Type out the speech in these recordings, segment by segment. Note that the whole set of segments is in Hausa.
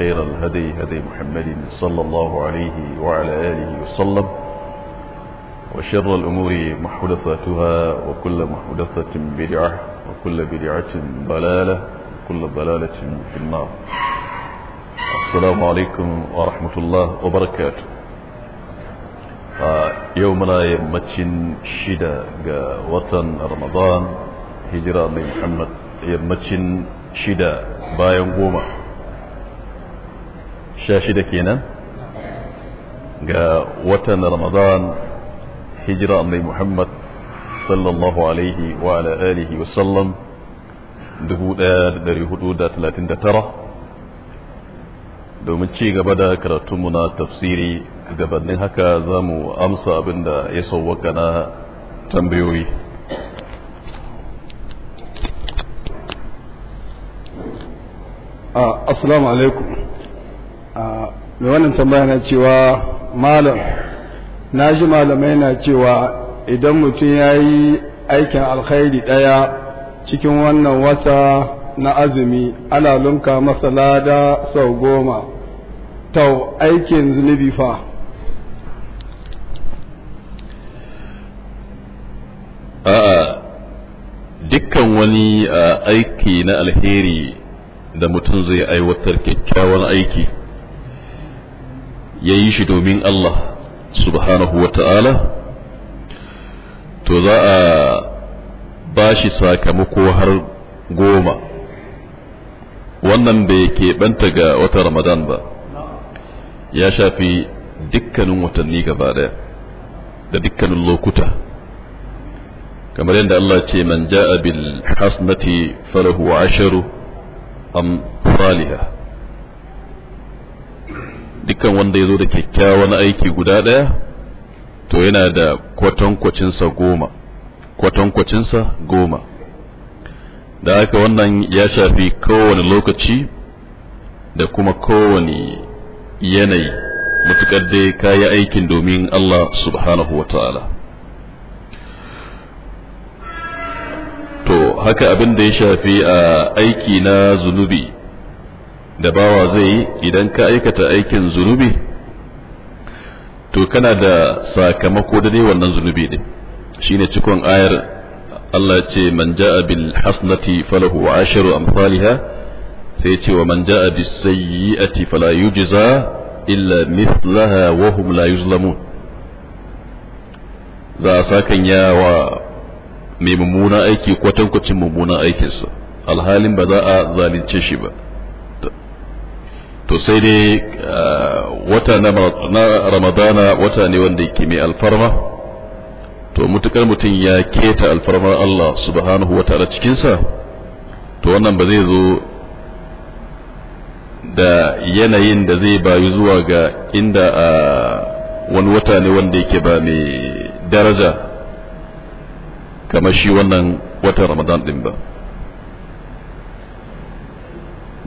وخير الهدي هدي محمد صلى الله عليه وعلى آله وسلم وشر الأمور محدثاتها وكل محدثة بدعة وكل بدعة ضلالة وكل ضلالة في النار السلام عليكم ورحمة الله وبركاته آه، يوم لا يمتشن شدا وطن رمضان هجرة من محمد يمتشن شدا bayan قومه sha shida kenan ga watan ramadan hijira annai muhammad sallallahu alaihi wa ala alihi wa sallam 1439 domin ci gaba da karatunmu na tafsiri gabanin haka za mu amsa abin da ya sauwaka na tambayoyi assalamu alaikum mai wannan tambaya na cewa malam na ji malamai na cewa idan mutum ya yi aikin alkhairi ɗaya cikin wannan wata na azumi ana lunka masa lada sau goma tau aikin zunubi fa a'a dukkan wani aiki na alheri da mutum zai aiwatar kyakkyawan aiki ya yi shi domin Allah subhanahu wa ta'ala to za a ba shi sakamako har goma wannan bai keɓanta ga wata ramadan ba ya shafi dukkanin watanni gaba ɗaya da dukkanin lokuta kamar yadda Allah ce man ja'a bil hasnati falahu asharu am salihah dukkan wanda ya zo da kyakkyawan aiki guda ɗaya to yana da kwatankwacinsa goma kwatankwacinsa goma da haka wannan ya shafi kowane lokaci da kuma kowane yanayi matuƙar dai kayi aikin domin Allah subhanahu wa ta'ala to haka abin da ya shafi a aiki na zunubi da bawa zai yi idan ka aikata aikin zunubi to kana da sakamako da dai wannan zunubi din shine cikon ayar Allah ce man ja'a bil hasnati falahu asharu amsalha sai ce wa man ja'a bis sayyi'ati fala yujza illa mithlaha wa hum la yuzlamun za a sakan yawa mai mummuna aiki kwatankwacin mummunan aikinsa alhalin ba za a zalunce shi ba to sai dai eh, wata na ramadana wata ne wanda yake mai alfarma to mutukar mutum ya keta alfarmar Allah subhanahu wa ta'ala cikinsa to wannan ba zai zo da yanayin da zai bayu zuwa ga inda a wani wata ne wanda yake ba mai daraja kamar shi wannan watan ramadan din ba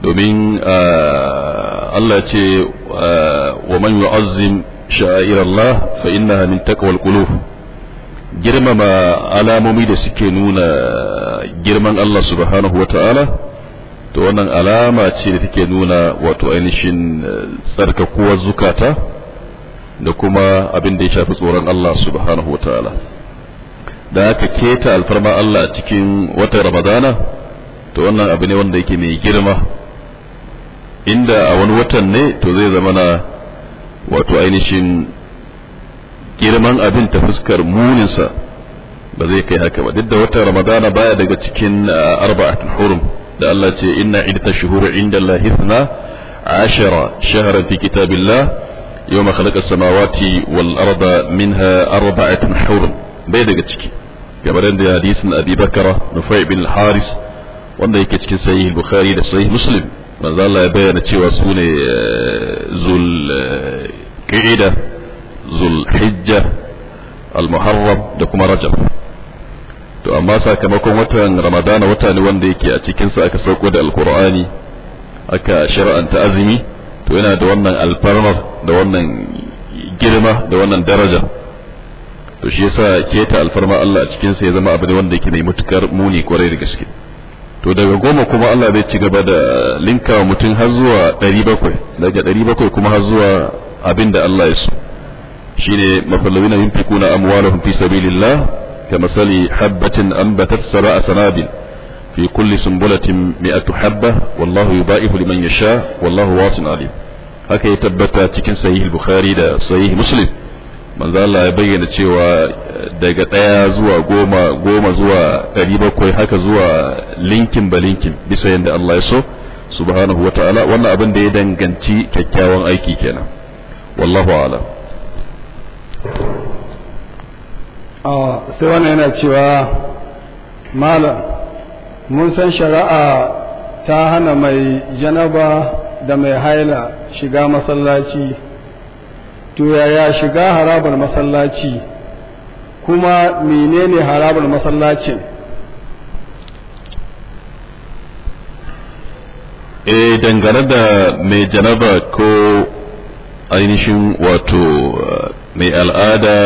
domin eh, Allah ce eh, wa man yu'azzim sha'irallah fa innaha min taqwal qulub girmama alamomi da suke nuna girman Allah subhanahu wa ta'ala to wannan alama ce da take nuna wato ainihin eh, tsarkakuwar zukata da kuma abin da ya shafi tsoron Allah subhanahu wa ta'ala da aka keta alfarma Allah cikin watan Ramadana to wannan abu ne wanda yake mai girma inda a wani watan ne to zai zama na wato ainihin girman abin ta fuskar muninsa ba zai kai haka ba duk da watan ramadana baya daga cikin arba'atul hurum da Allah ce inna idda shuhuru inda Allah hithna ashara shahran fi kitabillah yawma khalaqa samawati wal arda minha arba'atun hurum bai daga ciki gabaran da hadisin Abi Bakara Nufay bin al-Haris wanda yake cikin sahih Bukhari da sahih Muslim manzala ya bayyana cewa su ne eh, zul eh, qa'ida zul hijja al-muharram da kuma rajab to amma sakamakon watan ramadana wata ne wanda yake a cikinsa aka sauko da alkur'ani aka shara'anta azumi to yana da wannan alfarmar da wannan girma da wannan daraja to shi yasa keta alfarma Allah a cikinsa ya zama abu ne wanda yake mai mutukar muni kwarai da gaske to daga goma kuma Allah zai ci gaba da linkawa mutum har zuwa ɗari bakwai daga ɗari bakwai kuma har zuwa abin da Allah ya so shi ne mafallawi na yinfi kuna amuwar fi sabilillah ka misali habbatin an batar sara a sanadin fi kulli sumbulatin mi'atu habba wallahu yuba'ihu liman yasha wallahu wasin alim haka ya tabbata cikin sahih bukhari da sahih muslim manzo Allah ya bayyana cewa eh, daga ɗaya zuwa goma goma zuwa ɗari bakwai haka zuwa linkin ba linkin bisa yadda Allah ya so subhanahu wa ta'ala wannan abin da ya danganci kyakkyawan aiki kenan wallahu ala sai wannan yana cewa malam mun san shari'a ta hana mai janaba da mai haila shiga masallaci to yaya shiga harabar masallaci kuma menene harabar masallacin e dangane da mai janaba ko ainihin wato eh, mai al'ada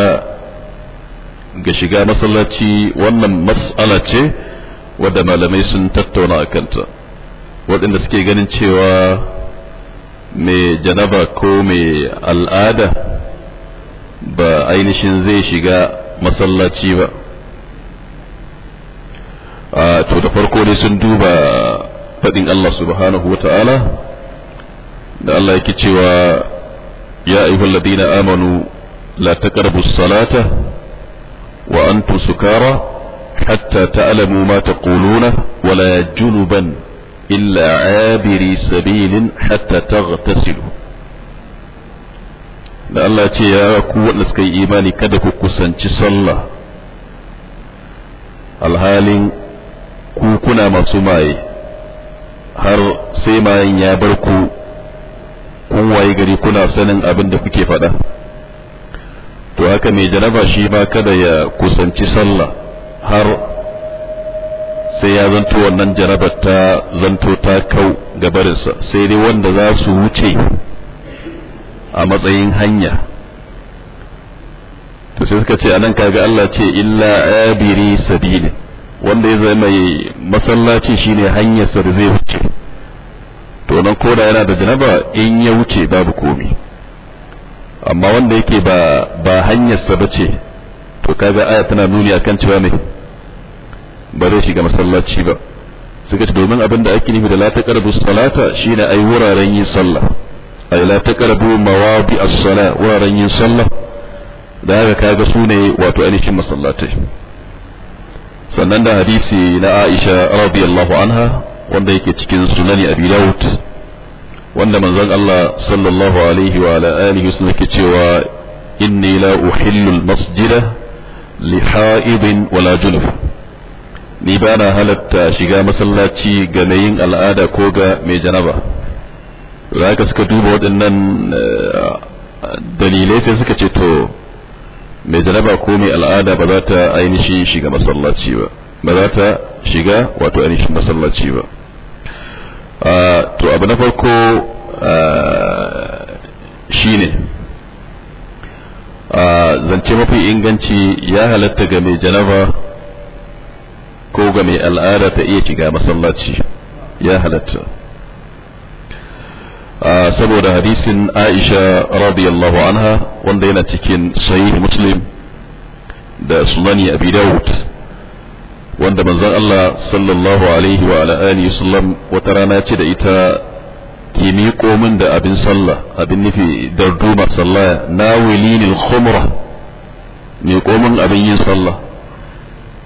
ga shiga masallaci wannan mas'ala ce wadda malamai sun tattauna a kanta waɗanda suke ganin cewa mai janaba ko mai al'ada ba ainihin zai shiga masallaci ba a da farko ne sun duba faɗin Allah subhanahu wata'ala da Allah yake cewa ya ayyuhal ladina amanu la taqrabu salata wa antum sukara hatta ta'lamu ma taquluna wala junuban إلا عابري سبيل حتى تغتسلوا da Allah ce ya ku suka yi imani kada ku kusanci sallah alhalin ku kuna masu maye har sai mayen ya bar ku kun waye gari kuna sanin abin da kuke faɗa to haka mai jaraba shi ma kada ya kusanci sallah har sai ya zanto wannan jarabar ta zanto ta kau gabarinsa sai dai wanda za su wuce a matsayin hanya to sai suka ce anan kaga Allah ce illa abiri sabili wanda ya zama mai masallaci shine hanyarsa da zai wuce to nan koda yana da janaba in ya wuce babu komi amma wanda yake ba ba hanyarsa bace to kaga aya tana nuni akan cewa mai. ba zai shiga masallaci ba suka ce domin abin da ake nufi da la salata shine ai wuraren yin sallah ai la taqrabu mawadi as-sala wuraren yin sallah da haka kaga sune wato ainihin masallatai sannan da hadisi na Aisha radiyallahu anha wanda yake cikin sunani Abi Dawud wanda manzon Allah sallallahu alaihi wa ala alihi wasallam cewa inni la uhillu al-masjida li wala junub ni ba na halatta shiga masallaci ga nayin yin al'ada ko ga mai janaba ka suka duba waɗannan eh, dalilai sai suka ce to mai janaba ko mai al'ada ba za ta ainihin shiga masallaci ba ba za ta shiga wato ainihin masallaci ba ah, to abu na farko eh, shi ne. Ah, zance mafi inganci ya halatta ga mai janaba ko ga mai al'ada ta iya shiga masallaci ya halatta saboda hadisin aisha radiyallahu anha wanda yana cikin sahih muslim da sunani abi dawud wanda manzon Allah sallallahu alaihi wa ala alihi wata rana ce da ita ki miƙo min da abin sallah abin nufi darduma sallah na wilinil khumra miƙo min abin yin sallah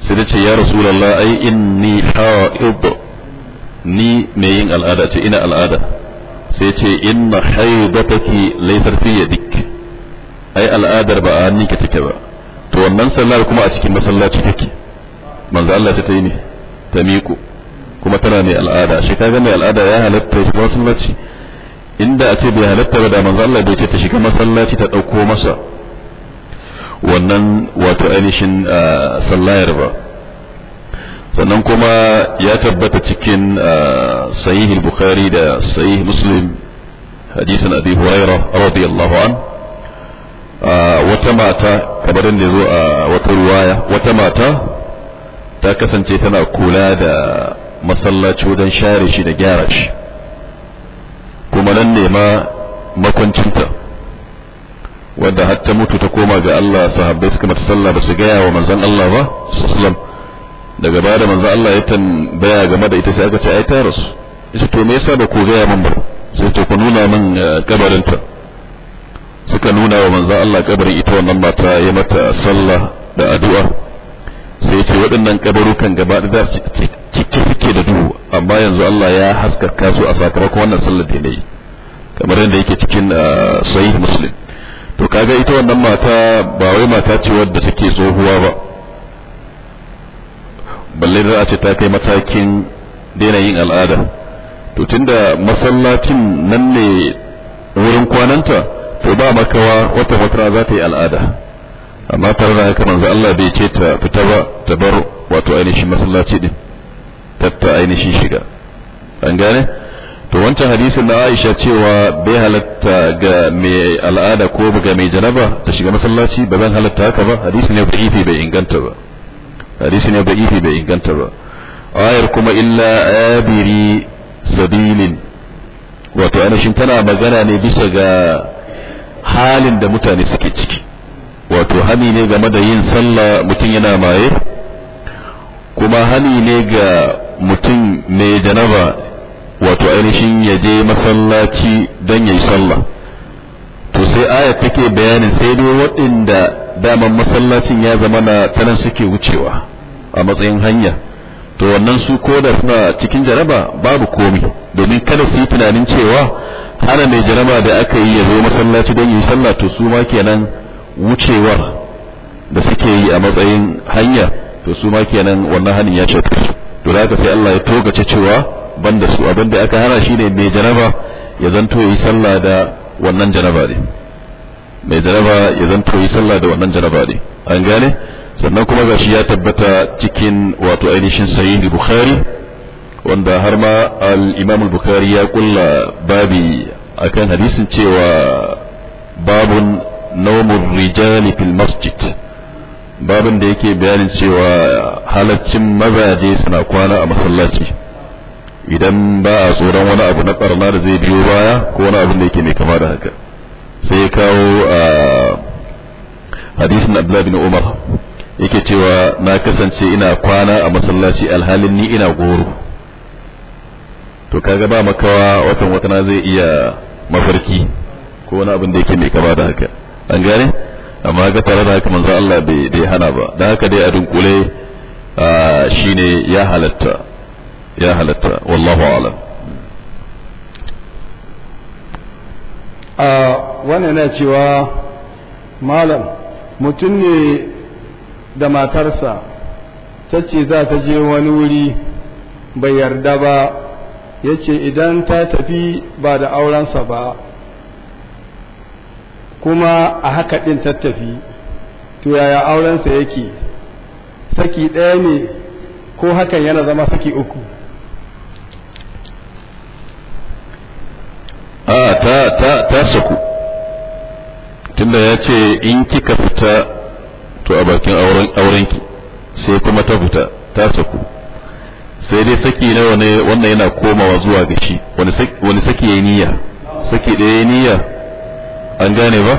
sai da ce ya rasulullah ai inni ha'id ni mai yin al'ada ce ina al'ada sai ce in na inna haidataki laifar fiye dik ai al'adar ba a hannunki take ba to wannan sallar kuma a cikin masallaci take manzo Allah ta yi ne ta miƙo kuma tana mai al'ada shi kaga mai al'ada ya halatta ya masallaci inda a ce bai halatta ba da manzo Allah bai ce ta shiga masallaci ta ɗauko masa wannan wato ainihin ah, sallayar ba sannan kuma ya tabbata cikin ah, sahih bukhari da sahih muslim hadisin abi hurairah radiyallahu an ah, wata mata kamar da zo a wata ruwaya wata mata ta kasance tana kula da masallaci wajen share shi da gyara shi kuma nan ne ma makwancinta wadda har ta mutu ta koma ga Allah sahabbai suka mata sallah ba su gaya wa manzon Allah ba sallam daga baya da manzon Allah ya tambaya game da ita sai aka ce ai ta rasu ita to me yasa ba ku gaya min ba sai ta ku nuna min eh, kabarinta suka nuna wa manzon Allah kabarin ita wannan mata ya mata sallah da addu'a sai ya ce waɗannan kabarukan gaba da cike suke da duhu amma yanzu Allah ya haskaka su a sakamakon wannan sallar da ya yi kamar yadda yake cikin eh, sahih muslim to kaga ita wannan mata ba wai mata ce wadda take tsohuwa ba balle da a ce ta kai matakin daina yin al'ada to tunda masallacin nan ne wurin kwananta to ba makawa wata wata za ta yi al'ada amma tare da haka manzo Allah bai ce ta fita ba ta bar wato ainihin masallaci din tatta ainihin shiga an gane to wancan hadisin da Aisha cewa bai halatta ga mai al'ada ko ga mai janaba ta shiga masallaci ba zan halatta haka ba hadisin ya da'ifi bai inganta ba hadisin ya da'ifi bai inganta ba ayar kuma illa abiri sabilin wato anashin tana magana ne bisa ga halin da mutane suke ciki wato hani ne game da yin sallah mutum yana maye kuma hani ne ga mutum mai janaba wato ainihin ya je masallaci don ya yi sallah to sai aya take bayanin sai dai waɗanda daman masallacin ya zama na tanan suke wucewa a matsayin hanya to wannan su ko da suna cikin jaraba babu komi domin kada su yi tunanin cewa hana mai jaraba da aka yi ya zo masallaci don yi sallah to su ma kenan wucewar da suke yi a matsayin hanya to su ma kenan wannan hanin ya ce to da sai Allah ya togace cewa banda su abin da aka hana shine mai janaba ya zanto yi sallah da wannan janaba ne mai janaba ya zanto yi sallah da wannan janaba ne an gane sannan kuma gashi ya tabbata cikin wato ainihin sahih bukhari wanda har ma al-imam al-bukhari ya kulla babi akan hadisin cewa babun nawmur rijali fil masjid babin da yake bayanin cewa halaccin mazaje suna kwana a masallaci idan ba a tsoron wani abu na barna da zai biyo baya ko wani abu da yake mai kama da haka sai kawo a hadisin abdullahi bin umar yake cewa na kasance ina kwana a masallaci alhalin ni ina goro to kaga ba makawa watan watana zai iya mafarki ko wani abin da yake mai kama da haka an gane amma ga tare da haka manzo Allah bai hana ba dan haka dai a dunkule shine ya halatta ya halatta wallahu alam a wannan cewa malam mutum ne da matarsa ta ce za ta je wani wuri bai yarda ba ya ce idan ta tafi ba da aurensa ba kuma a haka ɗin ta tafi to yaya aurensa yake saki ɗaya ne ko hakan yana zama saki uku a ta ta ta saku tunda ya ce in kika fita to a bakin auren aurenki sai kuma ta fita ta saku sai dai saki nawa ne wannan yana komawa zuwa ga shi wani saki ya niyya saki da ya niyya an gane ba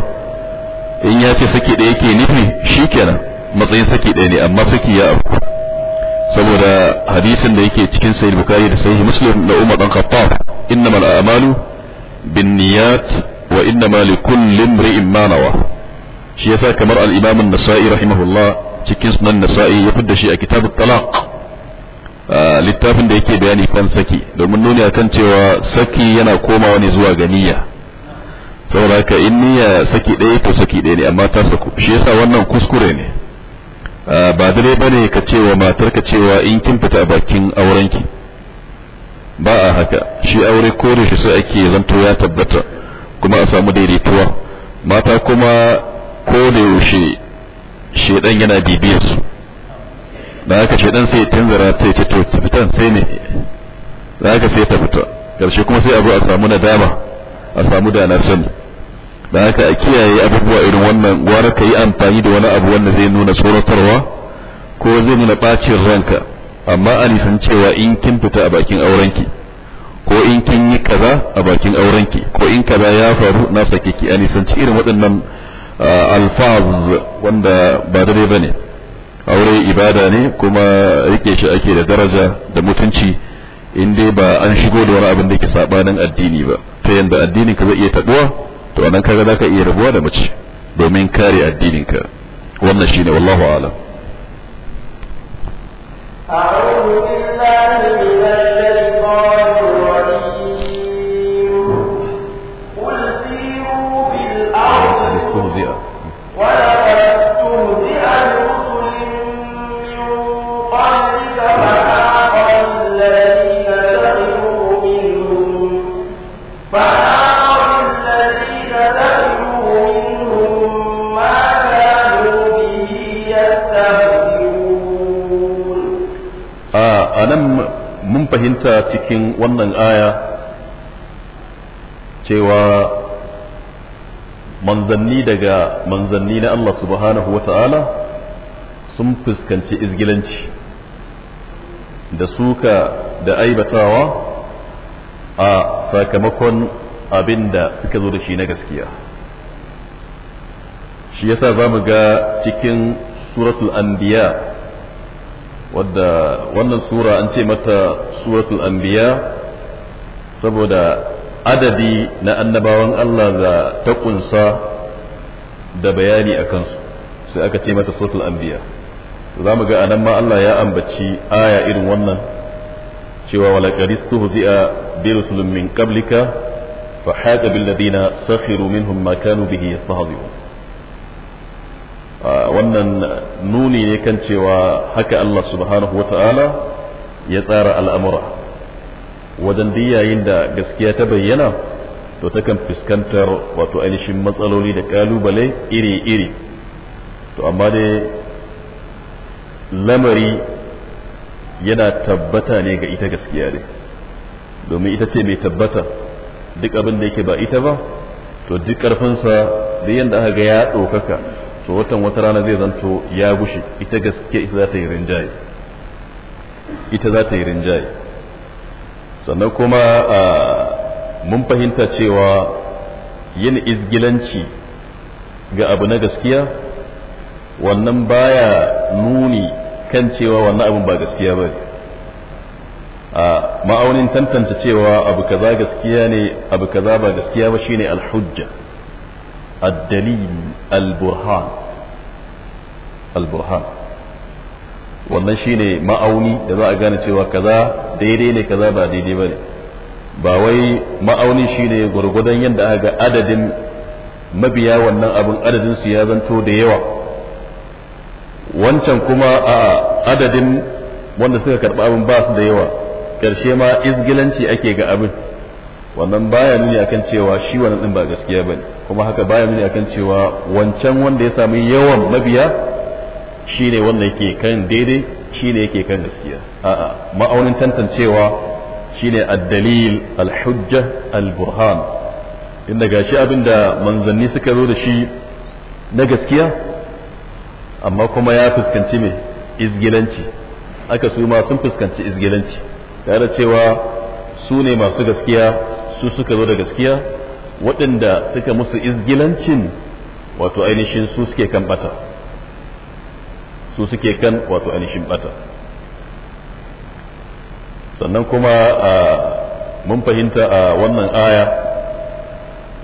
in ya ce saki da yake nufi shi kenan matsayin saki ɗaya ne amma saki ya abu saboda hadisin da yake cikin sahih bukhari da sahih muslim da umar dan khattab innamal a'malu binniyat wa innama li kulli imri'in ma nawa shi yasa kamar al'imamin imam an-nasa'i rahimahullah cikin sunan nasa'i ya shi a kitab talaq littafin da yake bayani kan saki domin nuni kan cewa saki yana komawa ne zuwa ga niyya saboda haka in niyya saki ɗaya ko saki ɗaya ne amma ta saku shi yasa wannan kuskure ne ba dare ne ka cewa matar ka cewa in kin fita a bakin aurenki ba a haka shi aure kore shi sai ake zanto ya tabbata kuma a samu daidaituwa mata kuma ko da yaushe shedan yana bibiyar su da haka shedan sai tunzara sai ce to fitan sai ne da haka sai ta fita karshe kuma sai abu a samu nadama a samu da na sani da haka a kiyaye abubuwa irin wannan gwara ka yi amfani da wani abu wanda zai nuna tsoratarwa ko zai nuna bacin ranka amma a nisan cewa in kin fita a bakin aurenki ko in kin yi kaza a bakin aurenki ko in kaza ya faru na sake ki a nisanci irin waɗannan alfaz wanda ba daidai ba ne aure ibada ne kuma rike shi ake da daraja da mutunci in dai ba an shigo da wani abin da ke sabanin addini ba ta yadda addinin ka zai iya tabuwa to anan kaga ka iya rabuwa da mace domin kare addinin ka wannan shine wallahu a'lam أعوذ بالله من fahimta cikin wannan aya cewa manzanni daga manzanni na Allah subhanahu wa ta'ala sun fuskanci izgilanci da suka da aibatawa a sakamakon abin da suka zo da shi na gaskiya shi yasa za mu ga cikin suratul anbiya wadda wannan sura an ce mata suratul anbiya saboda adadi na annabawan Allah da ta kunsa da bayani a kansu sai aka ce mata suratul anbiya za mu ga anan ma Allah ya ambaci aya irin wannan cewa wala qadistu zi'a bi rusulin min qablika fa haqa bil ladina sakhiru minhum ma kanu bihi yastahzi'un wannan nuni ne kan cewa haka Allah subhanahu wa ta'ala ya tsara al'amura wajen yayin da gaskiya ta bayyana to takan fuskantar wato ainihin matsaloli da ƙalubale iri-iri to amma dai lamari yana tabbata ne ga ita gaskiya ne domin ita ce mai tabbata duk abin da yake ba ita ba to duk ƙarfinsa da yadda aka ga ya ɗaukaka to watan wata rana zai zanto ya gushe ita gaske ita za ta yi rinjaye ita za ta yi rinjaye sannan kuma mun fahimta cewa yin izgilanci ga abu na gaskiya wannan baya nuni kan cewa wannan abin ba gaskiya ba a ma'aunin tantance cewa abu kaza gaskiya ne abu kaza ba gaskiya ba shine alhujja الدليل البرهان البرهان wannan shine ma'auni da za a gane cewa kaza daidai ne kaza ba daidai ba ne ba wai ma'auni shine gwargwadon yadda aka ga adadin mabiya wannan abin adadin ya zanto da yawa wancan kuma a adadin wanda suka karɓi abin ba su da yawa ƙarshe ma izgilanci ake ga abin wannan baya nuni akan cewa shi wannan din ba gaskiya ba ne kuma haka baya nuni akan cewa wancan wanda ya sami yawan mabiya shine wanda yake kan daidai shine yake kan gaskiya a'a ma'aunin tantancewa shine a dalil al-hujja al-burhan shi gashi abinda manzanni suka zo da shi na gaskiya amma kuma ya fuskanci me izgilanci aka su ma sun fuskanci izgilanci tare cewa su ne masu gaskiya su suka zo da gaskiya waɗanda suka musu izgilancin wato ainihin su suke kan bata su suke kan wato ainihin bata sannan kuma a mun fahimta a wannan aya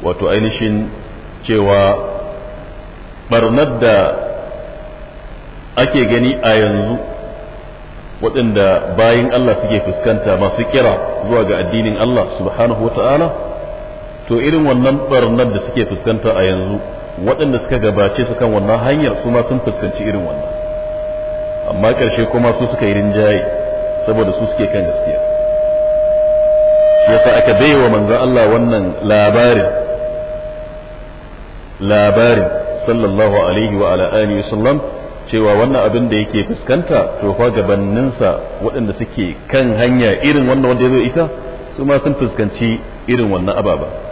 wato ainihin cewa barnar da ake gani a yanzu waɗanda bayan Allah suke fuskanta masu kira zuwa ga addinin Allah subhanahu wa ta'ala to irin wannan barnar da suke fuskanta a yanzu waɗanda suka gabace su kan wannan hanyar su ma sun fuskanci irin wannan amma ƙarshe kuma su suka yi rinjaye saboda su suke kan gaskiya shi yasa aka bai wa manzo Allah wannan labarin labarin sallallahu alaihi wa ala alihi sallam, cewa wannan abin da yake fuskanta to fa gabaninsa waɗanda suke kan hanya irin wannan wanda ya zo ita su ma sun fuskanci irin wannan ababa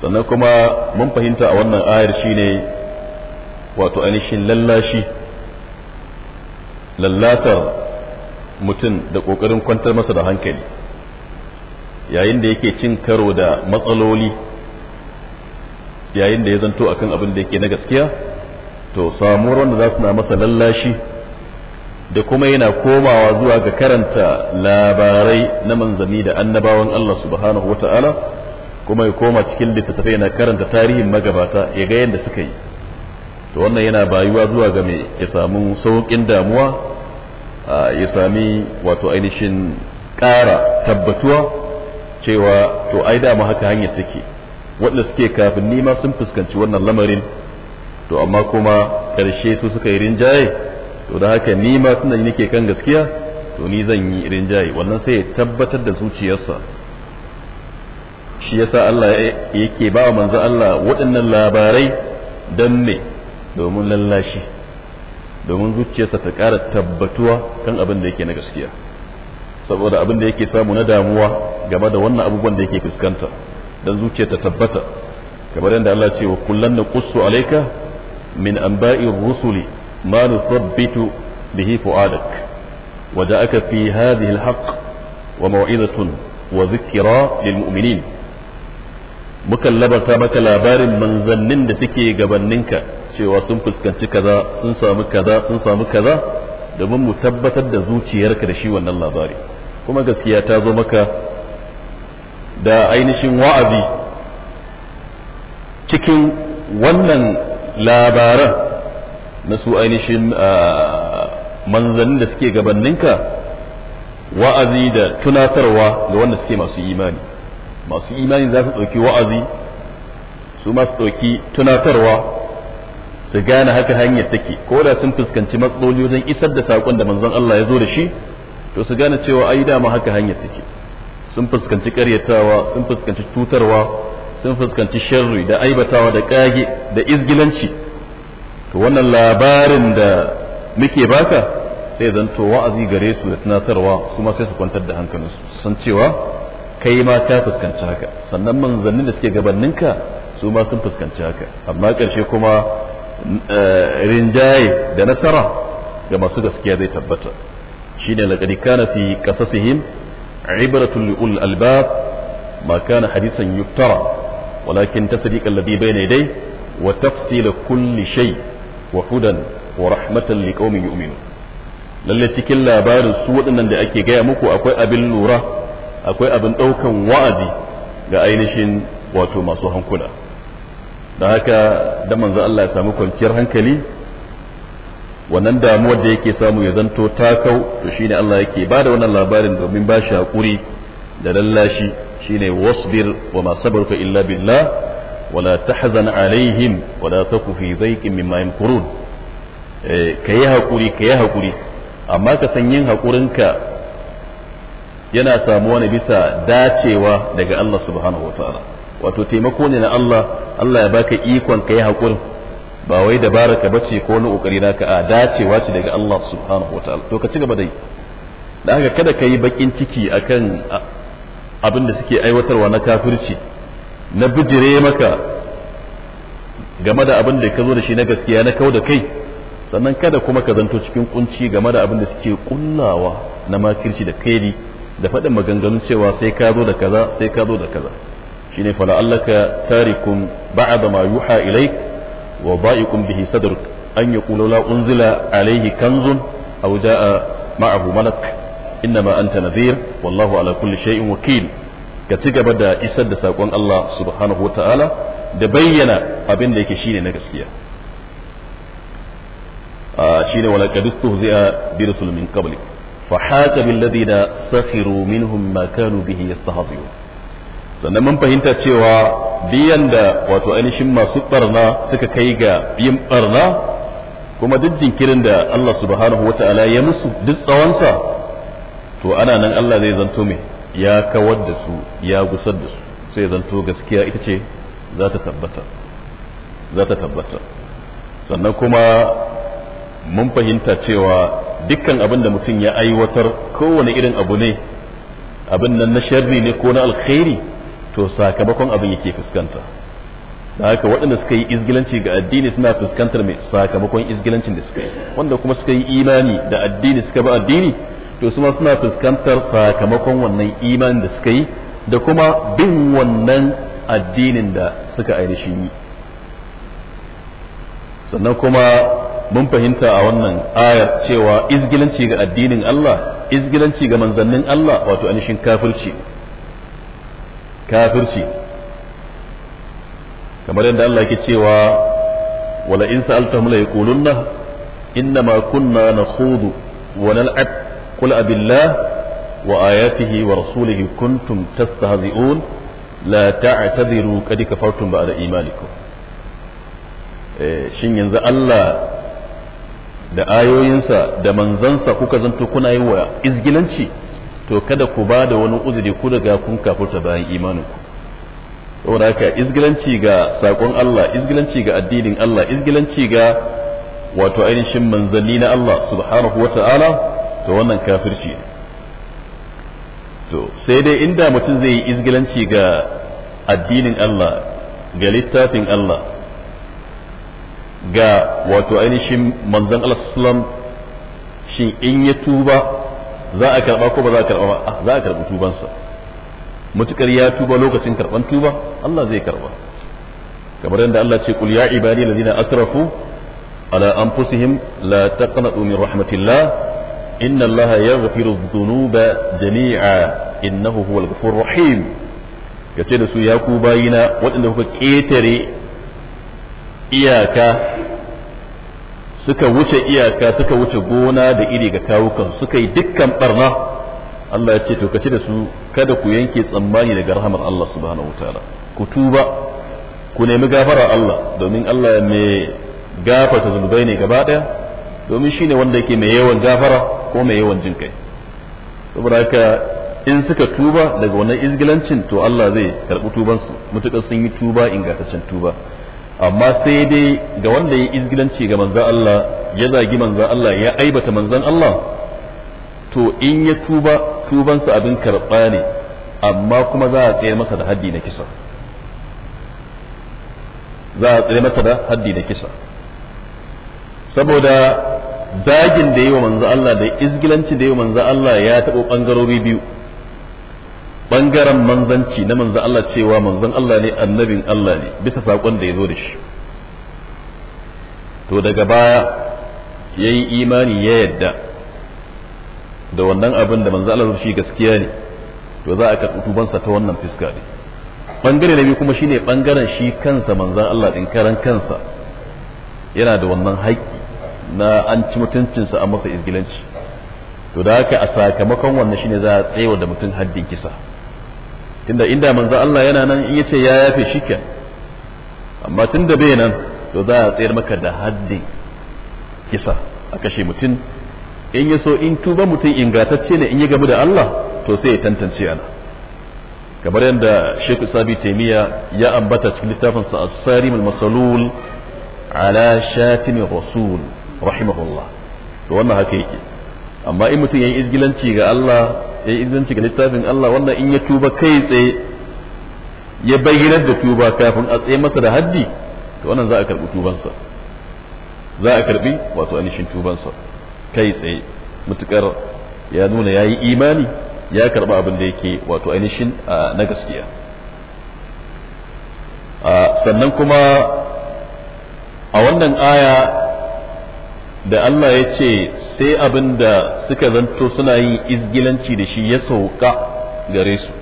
sannan kuma mun fahimta a wannan ayar ne wato ainihin lallashi lallatar mutum da ƙoƙarin kwantar masa da hankali yayin da yake cin karo da matsaloli yayin da ya zanto akan abin da yake na gaskiya to samuwar wanda za su na masa lallashi da kuma yana komawa zuwa ga karanta labarai na manzanni da annabawan Allah subhanahu wa ta'ala kuma ya koma cikin littattafai yana karanta tarihin magabata ya ga yadda suka yi to wannan yana bayuwa zuwa ga mai ya samu sauƙin damuwa ya sami wato ainihin ƙara tabbatuwa cewa to ai dama haka hanyar take waɗanda suke kafin nima sun fuskanci wannan lamarin to amma kuma ƙarshe su suka yi rinjaye to da haka nima yi nake kan gaskiya to ni zan yi rinjaye wannan sai ya tabbatar da zuciyarsa shi yasa Allah yake ba wa manzo Allah waɗannan labarai dan ne domin lallashi domin zuciyarsa ta ƙara tabbatuwa kan abin da yake na gaskiya saboda abin da yake samu na damuwa game da wannan abubuwan da yake fuskanta dan zuciya ta tabbata kamar yadda Allah ce wa kullan naqussu alayka min anba'ir rusuli ma nuthabbitu bihi fu'adak wa ja'aka fi hadhihi al-haqq wa maw'izatun wa dhikra lil mu'minin mukan labarta maka labarin manzannin da suke gabanninka cewa sun fuskanci kaza sun samu kaza sun samu kaza domin mu tabbatar da zuciyarka da shi wannan labari kuma gaskiya ta zo maka da ainihin wa'azi cikin wannan labaran na su ainihin manzannin da suke gabanninka wa'azi da tunatarwa ga wanda suke masu imani masu imani za su ɗauki wa'azi su ma su ɗauki tunatarwa su gane haka hanyar take ko da sun fuskanci matsaloli wajen isar da saƙon da manzon Allah ya zo da shi to su gane cewa ai dama haka hanyar take sun fuskanci karyatawa sun fuskanci tutarwa sun fuskanci sharri da aibatawa da ƙage da izgilanci to wannan labarin da muke baka sai zanto wa'azi gare su da tunatarwa su sai su kwantar da hankalinsu san cewa kai ma ta fuskanci haka sannan manzannin da suke gabaninka su ma sun fuskanci haka amma ƙarshe kuma eh, rinjaye da nasara ga masu gaskiya zai tabbata shine laqad kana fi qasasihim ibratun li ul albab ma kana hadisan yuktara walakin tasdiq alladhi bayna yaday wa tafsil kulli shay wa hudan wa rahmatan liqaumin yu'minun lalle cikin labarin su waɗannan da ake gaya muku akwai abin lura akwai abin ɗaukan wa'azi ga ainihin wato masu hankula da haka da manzo Allah ya samu kwanciyar hankali wannan damuwar da yake samu ya zanto ta kau to shine Allah yake ba da wannan labarin domin ba shi hakuri da lallashi shine wasbir wa ma sabarka illa billah wala tahzan alaihim wala taku fi dhaiqin mimma yamkurun eh, kayi hakuri kayi hakuri amma ka san yin haƙurinka. yana samuwa wani bisa dacewa daga Allah subhanahu wa ta'ala wato taimako ne na Allah Allah ya baka ikon ka yi haƙurin ba wai dabara ka bace ko wani kokari na a dacewa ce daga Allah subhanahu wa ta'ala to ka ci gaba dai da haka kada ka yi baƙin ciki akan abin da suke aiwatarwa na kafirci na bijire maka game da abin da ka zo da shi na gaskiya na kau da kai sannan kada kuma ka zanto cikin kunci game da abin da suke kullawa na makirci da kairi da faɗin maganganu cewa sai ka zo da kaza sai ka zo da kaza shine fala allaka tarikum ba'da ma yuha ilaik wa ba'ikum bihi sadruk an yaqulu la unzila alayhi kanzun aw jaa ma'ahu malak innama anta nadhir wallahu ala kulli shay'in wakil ka ci gaba da isar da sakon Allah subhanahu wa ta'ala da bayyana abin da yake shine na gaskiya ah, shine wala kadistu zai bi rusul min qablik فحاك بالذين سخروا منهم ما كانوا به يستهزئون sannan mun fahimta cewa biyan da wato ainihin masu barna suka kai ga yin barna kuma duk jinkirin da Allah subhanahu wa ta'ala ya musu duk tsawonsa to ana nan Allah zai zanto me ya kawar da su ya gusar da su sai zanto gaskiya ita ce za ta tabbata za ta tabbata sannan kuma mun fahimta cewa dukkan abin da mutum ya aiwatar kowane irin abu ne abin nan na sharri ne ko na alkhairi to sakamakon abin yake fuskanta da haka waɗanda suka yi izgilanci ga addini suna fuskantar mai sakamakon izgilancin da suka yi wanda kuma suka yi imani da addini suka ba addini to suma suna fuskantar sakamakon wannan imani da suka yi da kuma bin wannan addinin da suka ainihin shi sannan kuma mun fahimta a wannan ayar cewa izgilanci ga addinin Allah izgilanci ga manzannin Allah wato anishin kafirci kafirci kamar yadda Allah yake cewa wala in sa'altahum la yaqulunna inna ma kunna nakhudu wa nal'ab qul abillah wa ayatihi wa rasulihi kuntum tastahzi'un la ta'tadiru kad kafartum ba'da imanikum eh, shin yanzu Allah da ayoyinsa da manzansa kuka zanto kuna yi wa izgilanci to kada ku ba da wani uzuri ku daga kun kafurta bayan imaninku saboda haka izgilanci ga sakon Allah izgilanci ga addinin Allah izgilanci ga wato ainihin manzanni na Allah subhanahu wata'ala to wannan kafirci to sai dai inda mutum zai yi izgilanci ga addinin Allah ga littafin Allah ga wato ainihin manzon Allah sallam shin in ya tuba za a karba ko ba za a karba ba ah, za a karbi tubansa mutukar ya tuba lokacin karban tuba Allah zai karba kamar yadda Allah ce kul ya ibadi ladina asrafu ala anfusihim la taqnatu min rahmatillah inna Allah yaghfiru dhunuba jami'a innahu huwal ghafurur rahim yace da su ya ku bayina waɗanda kuka ketare iyaka suka wuce iyaka suka wuce gona da iri ga kawukan suka yi dukkan barna Allah ya ce to kace da su kada ku yanke tsammani daga rahamar Allah subhanahu wataala ku tuba ku nemi gafara Allah domin Allah mai gafarta zunubai ne gaba ɗaya, domin shine wanda yake mai yawan gafara ko mai yawan jin kai saboda haka in suka tuba daga wannan izgilancin to Allah zai karɓi tubansu Mutuƙar sun yi tuba ingantaccen tuba amma sai dai ga wanda ya izgilanci ga manzan Allah ya zagi manzan Allah ya aibata manzan Allah to in ya tuba tubansa abin karɓa ne amma kuma za a tsaye masa da haddi na kisa za a tsaye masa da haddi na kisa saboda zagin da yi wa manzan Allah da izgilanci da yi wa manzan Allah ya taɓo ɓangarori biyu bangaren manzanci na manzan Allah cewa manzan Allah ne annabin Allah ne bisa saƙon da ya zo da shi to daga baya ya yi imani ya yadda da wannan abin da manzan Allah shi gaskiya ne to za a karɓi tubansa ta wannan fiska ne bangare na biyu kuma shine bangaren shi kansa manzan Allah din karan kansa yana da wannan haƙƙi na an ci mutuncinsa a masa izgilanci to da haka a sakamakon wannan shine za a tsewa da mutum haddin kisa in inda manzo Allah yana nan in yace ya yafe shike amma tunda bai nan to za a tsayar maka da haddi kisa a kashe mutum in ya so in tuba mutum ingatacce ne in ya gamu da Allah to sai ya tantance ana kamar yadda Sheikh Sabi Taimiya ya ambata cikin littafin sa As-Sarim al-Masalul ala shatim rasul rahimahullah to wannan haka yake amma in mutum yayin izgilanci ga Allah ya yi izanci ga littafin Allah wannan in ya tuba kai tsaye ya bayyanar da tuba kafin a tsaye masa da haddi to wannan za a karbi tubansa za a karbi wato anishin tubansa kai tsaye mutukar ya nuna ya yi imani ya karba abin da yake wato ainihin na gaskiya sannan kuma a wannan aya da Allah ya ce sai abin da suka zanto suna yin izgilanci da shi ya sauka gare su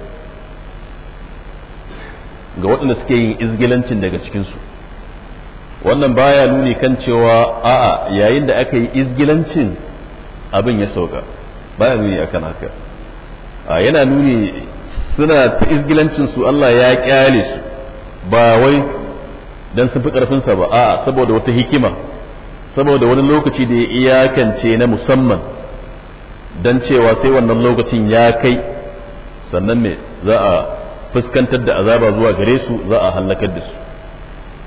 ga waɗanda suke yin izgilancin daga cikinsu wannan baya nuni kan cewa a'a yayin da aka yi izgilancin abin ya sauka baya nuni akan haka yana nuni suna ta izgilancin su Allah ya kyale su ba wai don sun fi ƙarfinsa ba a'a saboda wata hikima saboda wani lokaci da ya iyakance na musamman don cewa sai wannan lokacin ya kai sannan ne za a fuskantar da azaba zuwa gare su za a hallakar da su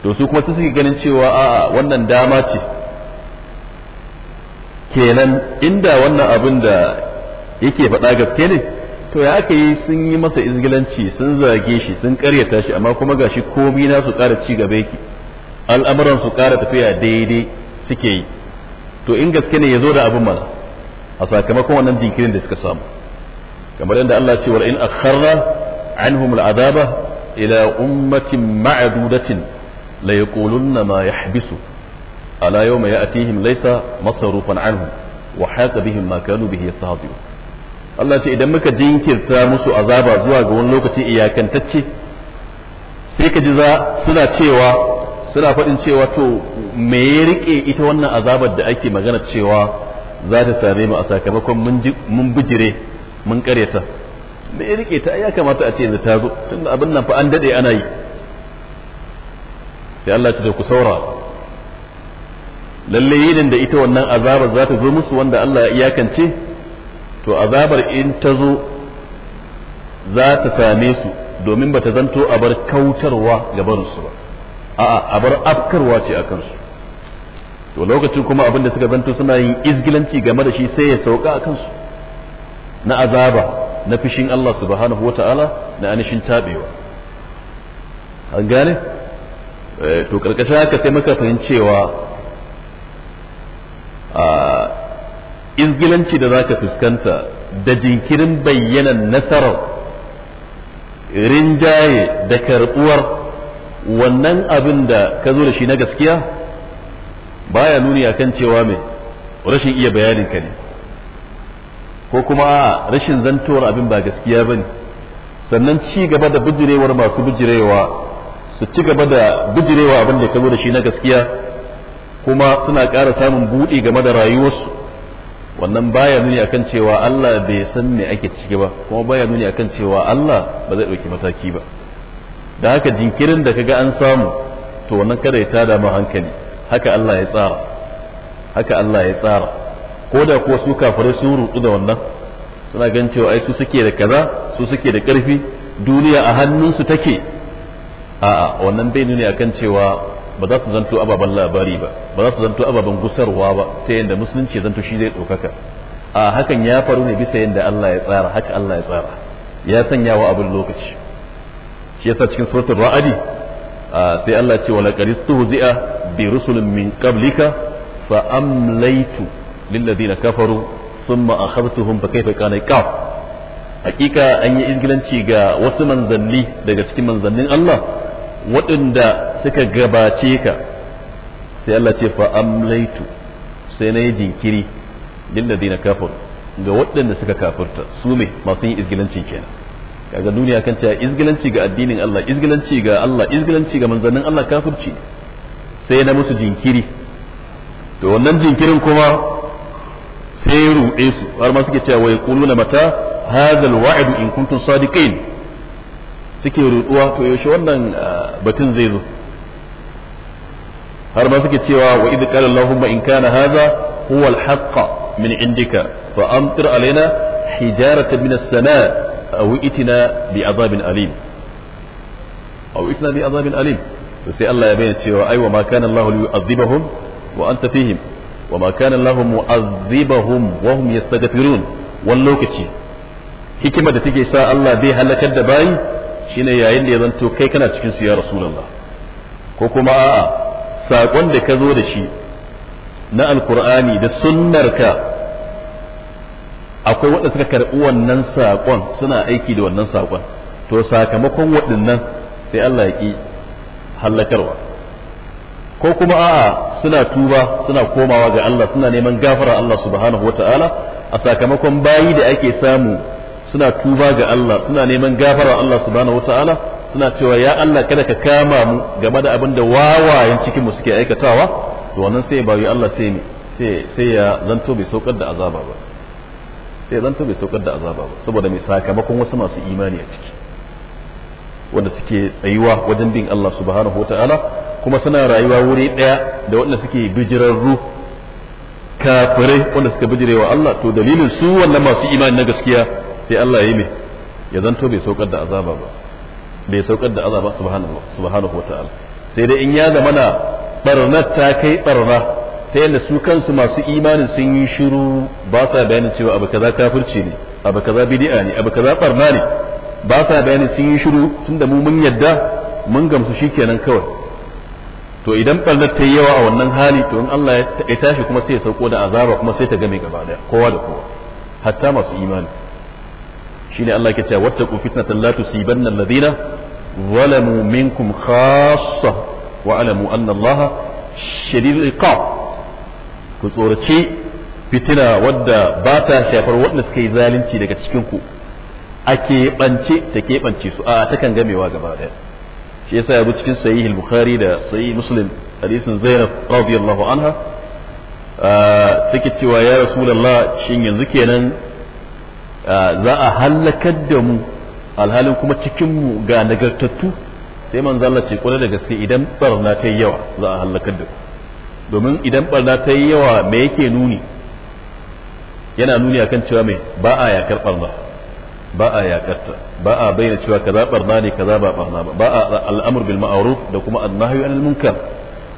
to su kuma suke ganin cewa a wannan dama ce kenan inda wannan abin da yake faɗa gaske ne to ya aka yi sun yi masa izgilanci sun zage shi sun karyata shi amma kuma gashi komi na su ƙara ci gaba yake al'amuran su ƙara tafiya daidai suke yi to in gaske ne ya zo da abin mana a sakamakon wannan jinkirin da suka samu kamar yadda Allah ce wal in akharra anhum al'adaba ila ummatin ma'dudatin la yaqulunna ma yahbisu ala yawma ya'tihim laysa masrufan anhum wa haqa bihim ma kanu bihi yastahzi'un Allah ce idan muka jinkirta musu azaba zuwa ga wani lokaci iyakantacce sai ka ji za suna cewa suna faɗin cewa to me ya riƙe ita wannan azabar da ake magana cewa za ta same mu a sakamakon mun bijire mun karyata me ya riƙe ta ya kamata a ce yanzu ta zo tunda abin nan fa an dade ana yi sai Allah ce ku saura lalle yinin da ita wannan azabar za ta zo musu wanda Allah ya iyakance to azabar in ta zo za ta same su domin ba ta zanto a bar kautarwa ga barinsu ba a'a a bar afkarwa ce a kansu to lokacin kuma abin da suka zanto suna yin izgilanci game da shi sai ya sauka a kansu na azaba na fishin Allah subhanahu wata'ala ta'ala na anishin tabewa an gane eh, to karkashin haka sai muka fahimcewa a izgilanci da zaka fuskanta da jinkirin bayyana nasarar rinjaye da karbuwar wannan abin da ka zo da shi na gaskiya baya nuni akan cewa mai rashin iya bayanin ka ne ko kuma rashin zantowar abin ba gaskiya ba ne sannan ci gaba da bijirewar masu bijirewa su ci gaba da bijirewa abin da ka zo da shi na gaskiya kuma suna ƙara samun buɗi game da rayuwarsu wannan baya nuni akan cewa Allah bai san me ake ciki ba kuma baya nuni akan cewa Allah ba zai ɗauki mataki ba da haka jinkirin da kaga an samu to wannan kada ya tada mu hankali haka Allah ya tsara haka Allah ya tsara ko da ko su kafirai sun rutu da wannan suna gan cewa ai su suke da kaza su suke da karfi duniya a hannunsu take a'a wannan bai nuni akan cewa ba za su zanto ababen labari ba ba za su zanto ababen gusarwa ba ta yadda musulunci zanto shi zai ɗaukaka a hakan ya faru ne bisa yadda Allah ya tsara haka Allah ya tsara ya sanya wa abin lokaci shi yasa cikin suratul ra'adi sai Allah ce wala qaristu zi'a bi rusulin min qablika fa amlaytu lil ladina kafaru thumma akhadtuhum fa kayfa kana iqab hakika an yi izgilanci ga wasu manzanni daga cikin manzannin Allah waɗanda suka gabace ka sai Allah ce fa amlaitu sai na yi jinkiri lil ladina kafaru ga waɗanda suka kafirta su ne masu yin izgilancin kenan kaga duniya kan izgilanci ga addinin Allah izgilanci ga Allah izgilanci ga manzannin Allah kafirci sai na musu jinkiri to wannan jinkirin kuma sai ya ruɗe su har ma suke cewa wai kuluna mata hadal wa'id in kuntum sadiqin suke ruɗuwa to yaushe wannan ah, batun zai zo har ma suke cewa wa idh qala allahumma in kana hadha huwa al-haqq min indika fa amtir alaina hijaratan min as-sama' aw itina bi azabin alim aw itina bi azabin alim to sai Allah ya bayyana cewa ai wa ma kana Allah yu'adhibahum wa anta fihim wa ma kana Allah mu'adhibahum wa hum yastaghfirun wal lokaci hikimar da take sa Allah bai halakar da bayi shine yayin da ya zanto kai kana cikin ya rasulullah ko kuma a'a saƙon da ka zo da shi na alkur'ani da sunnarka akwai waɗanda suka karɓi wannan saƙon suna aiki da wannan saƙon to sakamakon waɗannan sai Allah ya ƙi hallakarwa ko kuma a'a suna tuba suna komawa ga Allah suna neman gafara Allah subhanahu wata'ala a sakamakon bayi da ake samu suna tuba ga Allah suna neman gafara Allah subhanahu wata'ala suna cewa ya Allah kada ka kama mu game da abin da wawayen cikin mu suke aikatawa to wannan sai bayi Allah sai ne sai ya zanto bai saukar da azaba ba sai zan zanto bai saukar da azaba ba saboda mai sakamakon wasu masu imani a ciki wanda suke tsayuwa wajen bin Allah subhanahu wata'ala kuma suna rayuwa wuri daya da wanda suke bijirarru kafirai wanda suka bijirewa Allah to dalilin su wannan masu imani na gaskiya sai Allah ya yi ya zanto bai saukar da azaba ba bai saukar da azaba subhanahu wata'ala sai dai in ya zamana barnar ta kai barna ta yadda su kansu masu imanin sun yi shiru ba sa bayanin cewa abu kaza kafirci ne abu kaza bidi'a ne abu kaza barna ne ba sa bayanin sun yi shiru tunda mu mun yadda mun gamsu shikenan kawai to idan barnar ta yi yawa a wannan hali to in Allah ya tashi kuma sai ya sauko da azaba kuma sai ta game gaba daya kowa da kowa hatta masu imani shine Allah ke cewa wattaqu fitnatan la tusibanna alladhina zalamu minkum khassa wa kasa anna Allah shadidul ku tsorace fitina wadda ba ta shafar waɗanda suka yi zalunci daga cikin ku a keɓance ta keɓance su a takan gamewa gaba ɗaya shi yasa ya cikin sahih al-bukhari da sahih muslim hadisin zainab radiyallahu anha take cewa ya rasulullah shin yanzu kenan za a halakar da mu alhalin kuma cikin mu ga nagartattu sai manzo Allah ce kula da gaske idan barna ta yawa za a halakar da ku domin idan barna ta yi yawa me yake nuni yana nuni akan cewa mai ba a yakar barna ba a yakarta ba a bayyana cewa kaza barna ne kaza ba barna ba ba a al'amur bil ma'ruf da kuma annahyu anil munkar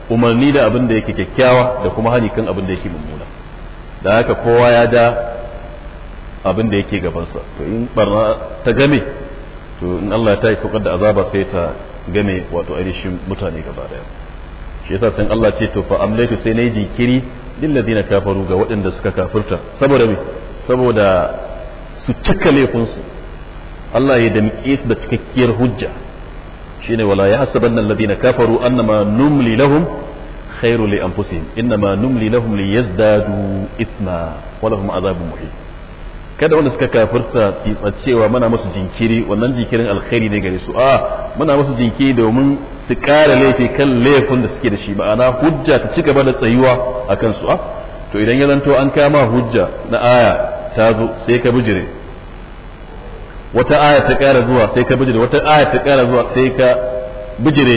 umarni da abin da yake kyakkyawa da kuma hani kan abin da yake mummuna da haka kowa ya da abin da yake gabansa to in barna ta game to in Allah ya ta yi saukar da azaba sai ta game wato ainihin mutane gaba daya shi yasa san Allah ce to fa amlaitu sai nayi jinkiri lil ladina kafaru ga waɗanda suka kafirta saboda me saboda su cika laifin su Allah ya damƙe su da cikakkiyar hujja shine wala yahsabanna alladina kafaru annama numli lahum khairu li anfusihim innama numli lahum liyazdadu ithma wa lahum azabun muhin kada wanda suka kafirta cewa muna musu jinkiri wannan jinkirin alkhairi ne gare su a muna musu jinkiri domin su kara laifi kan laifin da suke da shi ma'ana hujja ta ci gaba da tsayuwa a kansu a to idan ya zanto an kama hujja na aya ta zo sai ka bijire wata aya ta kara zuwa sai ka bijire wata aya ta kara zuwa sai ka bijire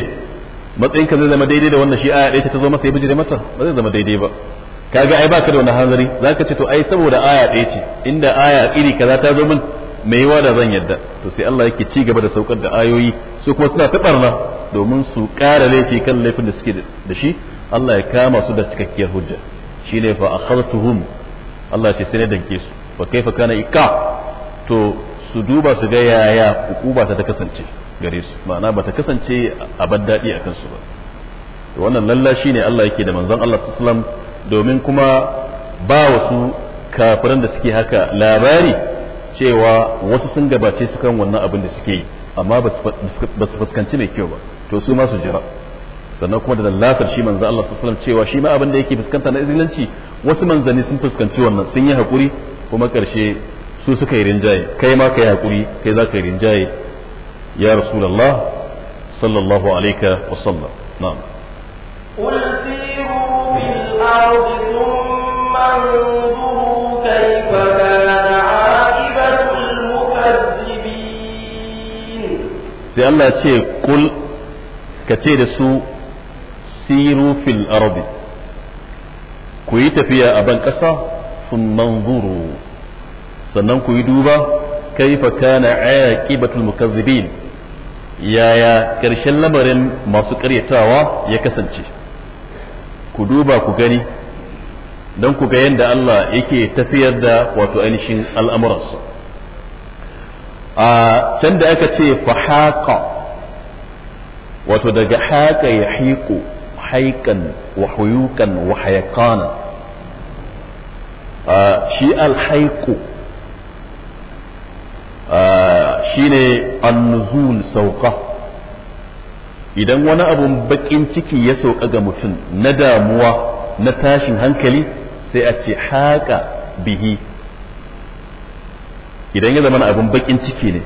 matsayinka zai zama daidai da wannan shi aya ɗaya ta zo masa ya bijire mata ba zai zama daidai ba kaga ai baka da wani hanzari zaka ce to ai saboda aya ɗaya ce inda aya iri kaza ta zo min mai yawa da zan yadda to sai Allah yake ci gaba da saukar da ayoyi su kuma suna ta barna domin su ƙara laifi kan laifin da suke da shi Allah ya kama su da cikakkiyar hujja shine fa akhartuhum Allah ce sai na danke su fa kaifa kana ikka to su duba su ga yaya hukuma ta kasance gare su ma'ana ba ta kasance a daɗi a kansu ba wannan lalla shine Allah yake da manzon Allah sallallahu alaihi wasallam domin kuma ba wasu kafiran da suke haka labari cewa wasu sun gabace su kan wannan abin da suke yi amma ba su fuskanci mai kyau ba to su ma su jira sannan kuma da lallatar shi manzo Allah sallallahu alaihi cewa shi ma abin da yake fuskanta na izilanci wasu manzanni sun fuskanci wannan sun yi hakuri kuma karshe su suka yi rinjaye kai ma kai hakuri kai za ka yi rinjaye ya rasulullah sallallahu alaihi wa sallam na'am sai Allah ce kul ka ce da su siru fil ardi ku yi tafiya a ban ƙasa sun manzuru sannan ku yi duba kaifa kana aqibatul mukazzibin yaya ƙarshen lamarin masu ƙaryatawa ya kasance ku duba ku gani don ku ga yadda Allah yake tafiyar da wato ainihin al'amuransa a can da aka ce fahaka wato daga haka ya haiku haikan wa huyukan wa hayakana shi alhaiku shi ne annuzul sauka idan wani abun bakin ciki ya sauka ga mutum na damuwa na tashin hankali sai a ce haƙa bihi idan ya zama abin bakin ciki ne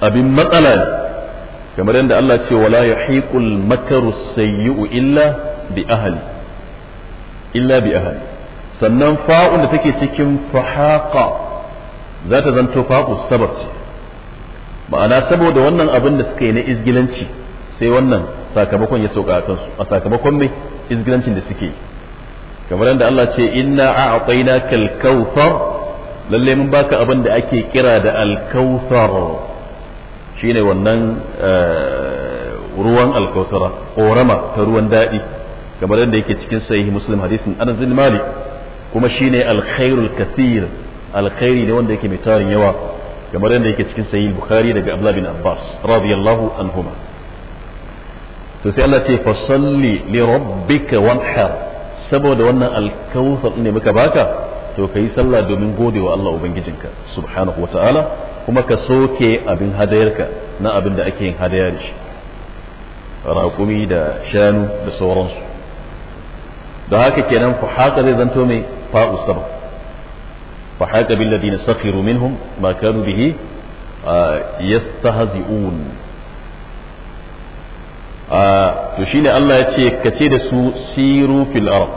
abin matsala ne kamar yadda Allah ce wala yahiqul makaru sayyi'u illa bi ahli illa bi sannan fa'un da take cikin fahaqa za ta zanto fa'u sabar ce ma'ana saboda wannan abin da suka yi na izgilanci sai wannan sakamakon ya sauka a kansu a sakamakon mai izgilancin da suke kamar yadda Allah ce inna a'tayna na kautsar lalle mun baka abin da ake kira da al Shi ne wannan eh, ruwan al ƙorama ta ruwan daɗi kamar yadda yake cikin sahih muslim hadisin Anas kuma shi ne khairul kathir al ne wanda yake mai tarin yawa kamar yadda yake cikin sahih Bukhari daga Abdullahi bin Abbas radiyallahu anhuma to sai Allah ce fasalli li rabbika wanhar saboda wannan alkawfar ne muka baka to kai sallah domin godewa Allah ubangijinka subhanahu wataala kuma ka soke abin hadayarka na abin da ake yin hadaya da shi raƙumi da shanu da sauransu da haka kenan fa haka zai zanto mai fa'u sabab فحاك بالذين سخروا منهم ما كانوا به يستهزئون to shine Allah ya ce ka ce da su siru fil ard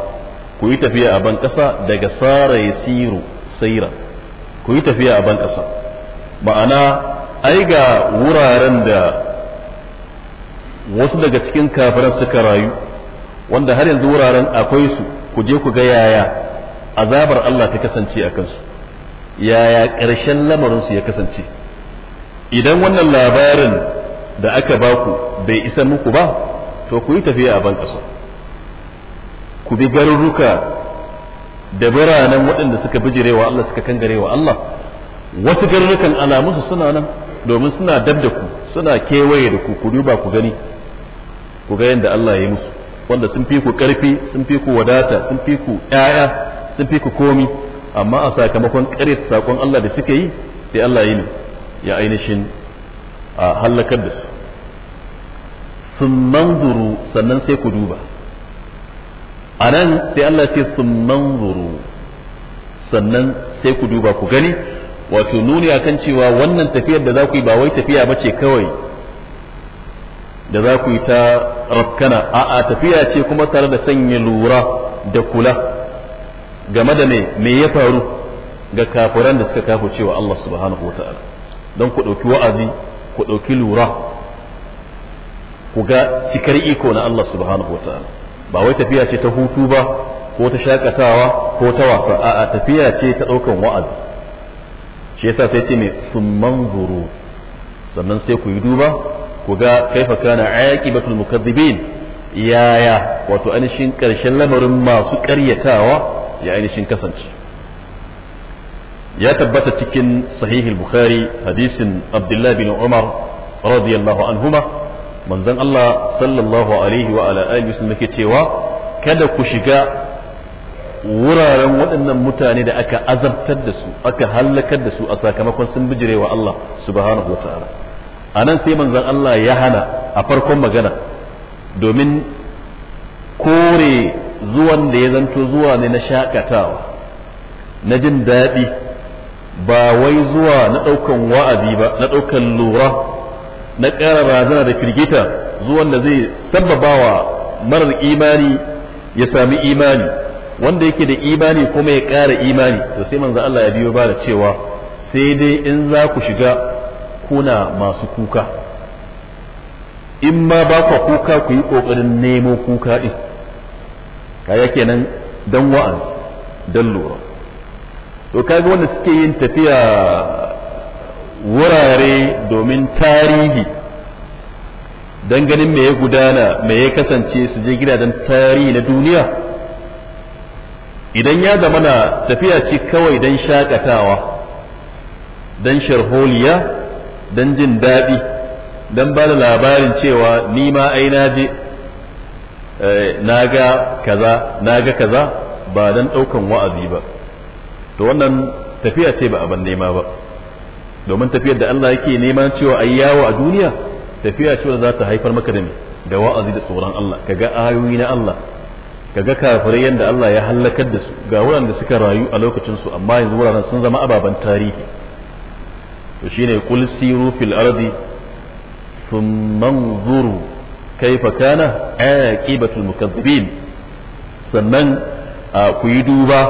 ku yi tafiya a ban kasa daga sara ya siru saira ku yi tafiya a ban kasa ma'ana ai ga wuraren da wasu daga cikin kafiran suka rayu wanda har yanzu wuraren akwai su ku je ku ga yaya azabar Allah ta kasance a kansu yaya ƙarshen lamarinsu ya kasance idan wannan labarin da aka ba ku bai isa muku ba to ku yi tafiya a bankasa ku bi garuruka da biranen waɗanda suka bijirewa Allah suka kangarewa Allah wasu garurukan alamunsu suna nan domin suna dab da ku suna kewaye da ku ku duba ku gani ku ga yadda Allah ya yi musu wanda sun fi ku ƙarfi sun fi ku wadata sun fi ku ƴaƴa sun fi ku komi amma a sakamakon ƙaryata saƙon Allah da suka yi sai Allah ya yi ya ainihin a halakar da su sun manzuru sannan sai ku duba a nan sai Allah ce sun manzuru sannan sai ku duba ku gani wato nuni akan cewa wannan tafiyar da za ku yi ba wai tafiya ba ce kawai da za ku yi ta rafkana a'a tafiya ce kuma tare da sanya lura da kula game da me me ya faru ga kafiran da suka kafa cewa Allah subhanahu wa ta'ala don ku ɗauki wa'azi ku ɗauki lura ku ga cikar iko na Allah subhanahu wa ta'ala ba wai tafiya ce ta hutu ba ko ta shakatawa ko ta wasa a'a tafiya ce ta ɗaukan wa'azi shi yasa sai ce ne summan zuru sannan sai ku yi duba ku ga kaifa kana aqibatul mukazzibin yaya wato ainihin karshen lamarin masu ƙaryatawa ya ainihin kasance ya tabbata cikin sahihul bukhari hadisin abdullahi bin umar radiyallahu anhuma manzon Allah sallallahu alaihi wa ala alihi wasallam yake cewa kada ku shiga wuraren waɗannan mutane da aka azabtar da su aka hallakar da su a sakamakon sun wa Allah subhanahu wa ta'ala a nan sai manzon Allah ya hana a farkon magana domin kore zuwan da ya zanto zuwa ne na shakatawa na jin daɗi ba wai zuwa na ɗaukan wa'azi ba na ɗaukan lura na ƙara razana da firgita zuwan da zai sababawa marar imani ya sami imani wanda yake da imani kuma ya ƙara imani to sai manzo Allah ya biyo ba da cewa sai dai in za ku shiga kuna masu kuka in ma ba ku kuka ku yi ƙoƙarin nemo kuka ɗin kaya kenan dan wa'an dan lura to kaga wanda suke yin tafiya wurare domin tarihi don ganin me ya gudana mai ya kasance su je gidajen tarihi na duniya idan ya zama na tafiya ce kawai don shakatawa don sharholiya don jin daɗi don ba da labarin cewa ni ma aina je eh, na kaza na kaza ba don ɗaukan wa'azi ba to wannan tafiya ce ba abin nema ba domin tafiyar da Allah yake neman cewa ayi yawo a duniya tafiya ce za ta haifar maka da me da wa'azi da tsoron Allah kaga ayoyi na Allah kaga kafirai yanda Allah ya halakar da su ga wuraren da suka rayu a lokacin su amma yanzu wuraren sun zama ababen tarihi to shine qul siru fil ardi thumma anzuru kaifa kana aqibatul mukazzibin sannan ku yi duba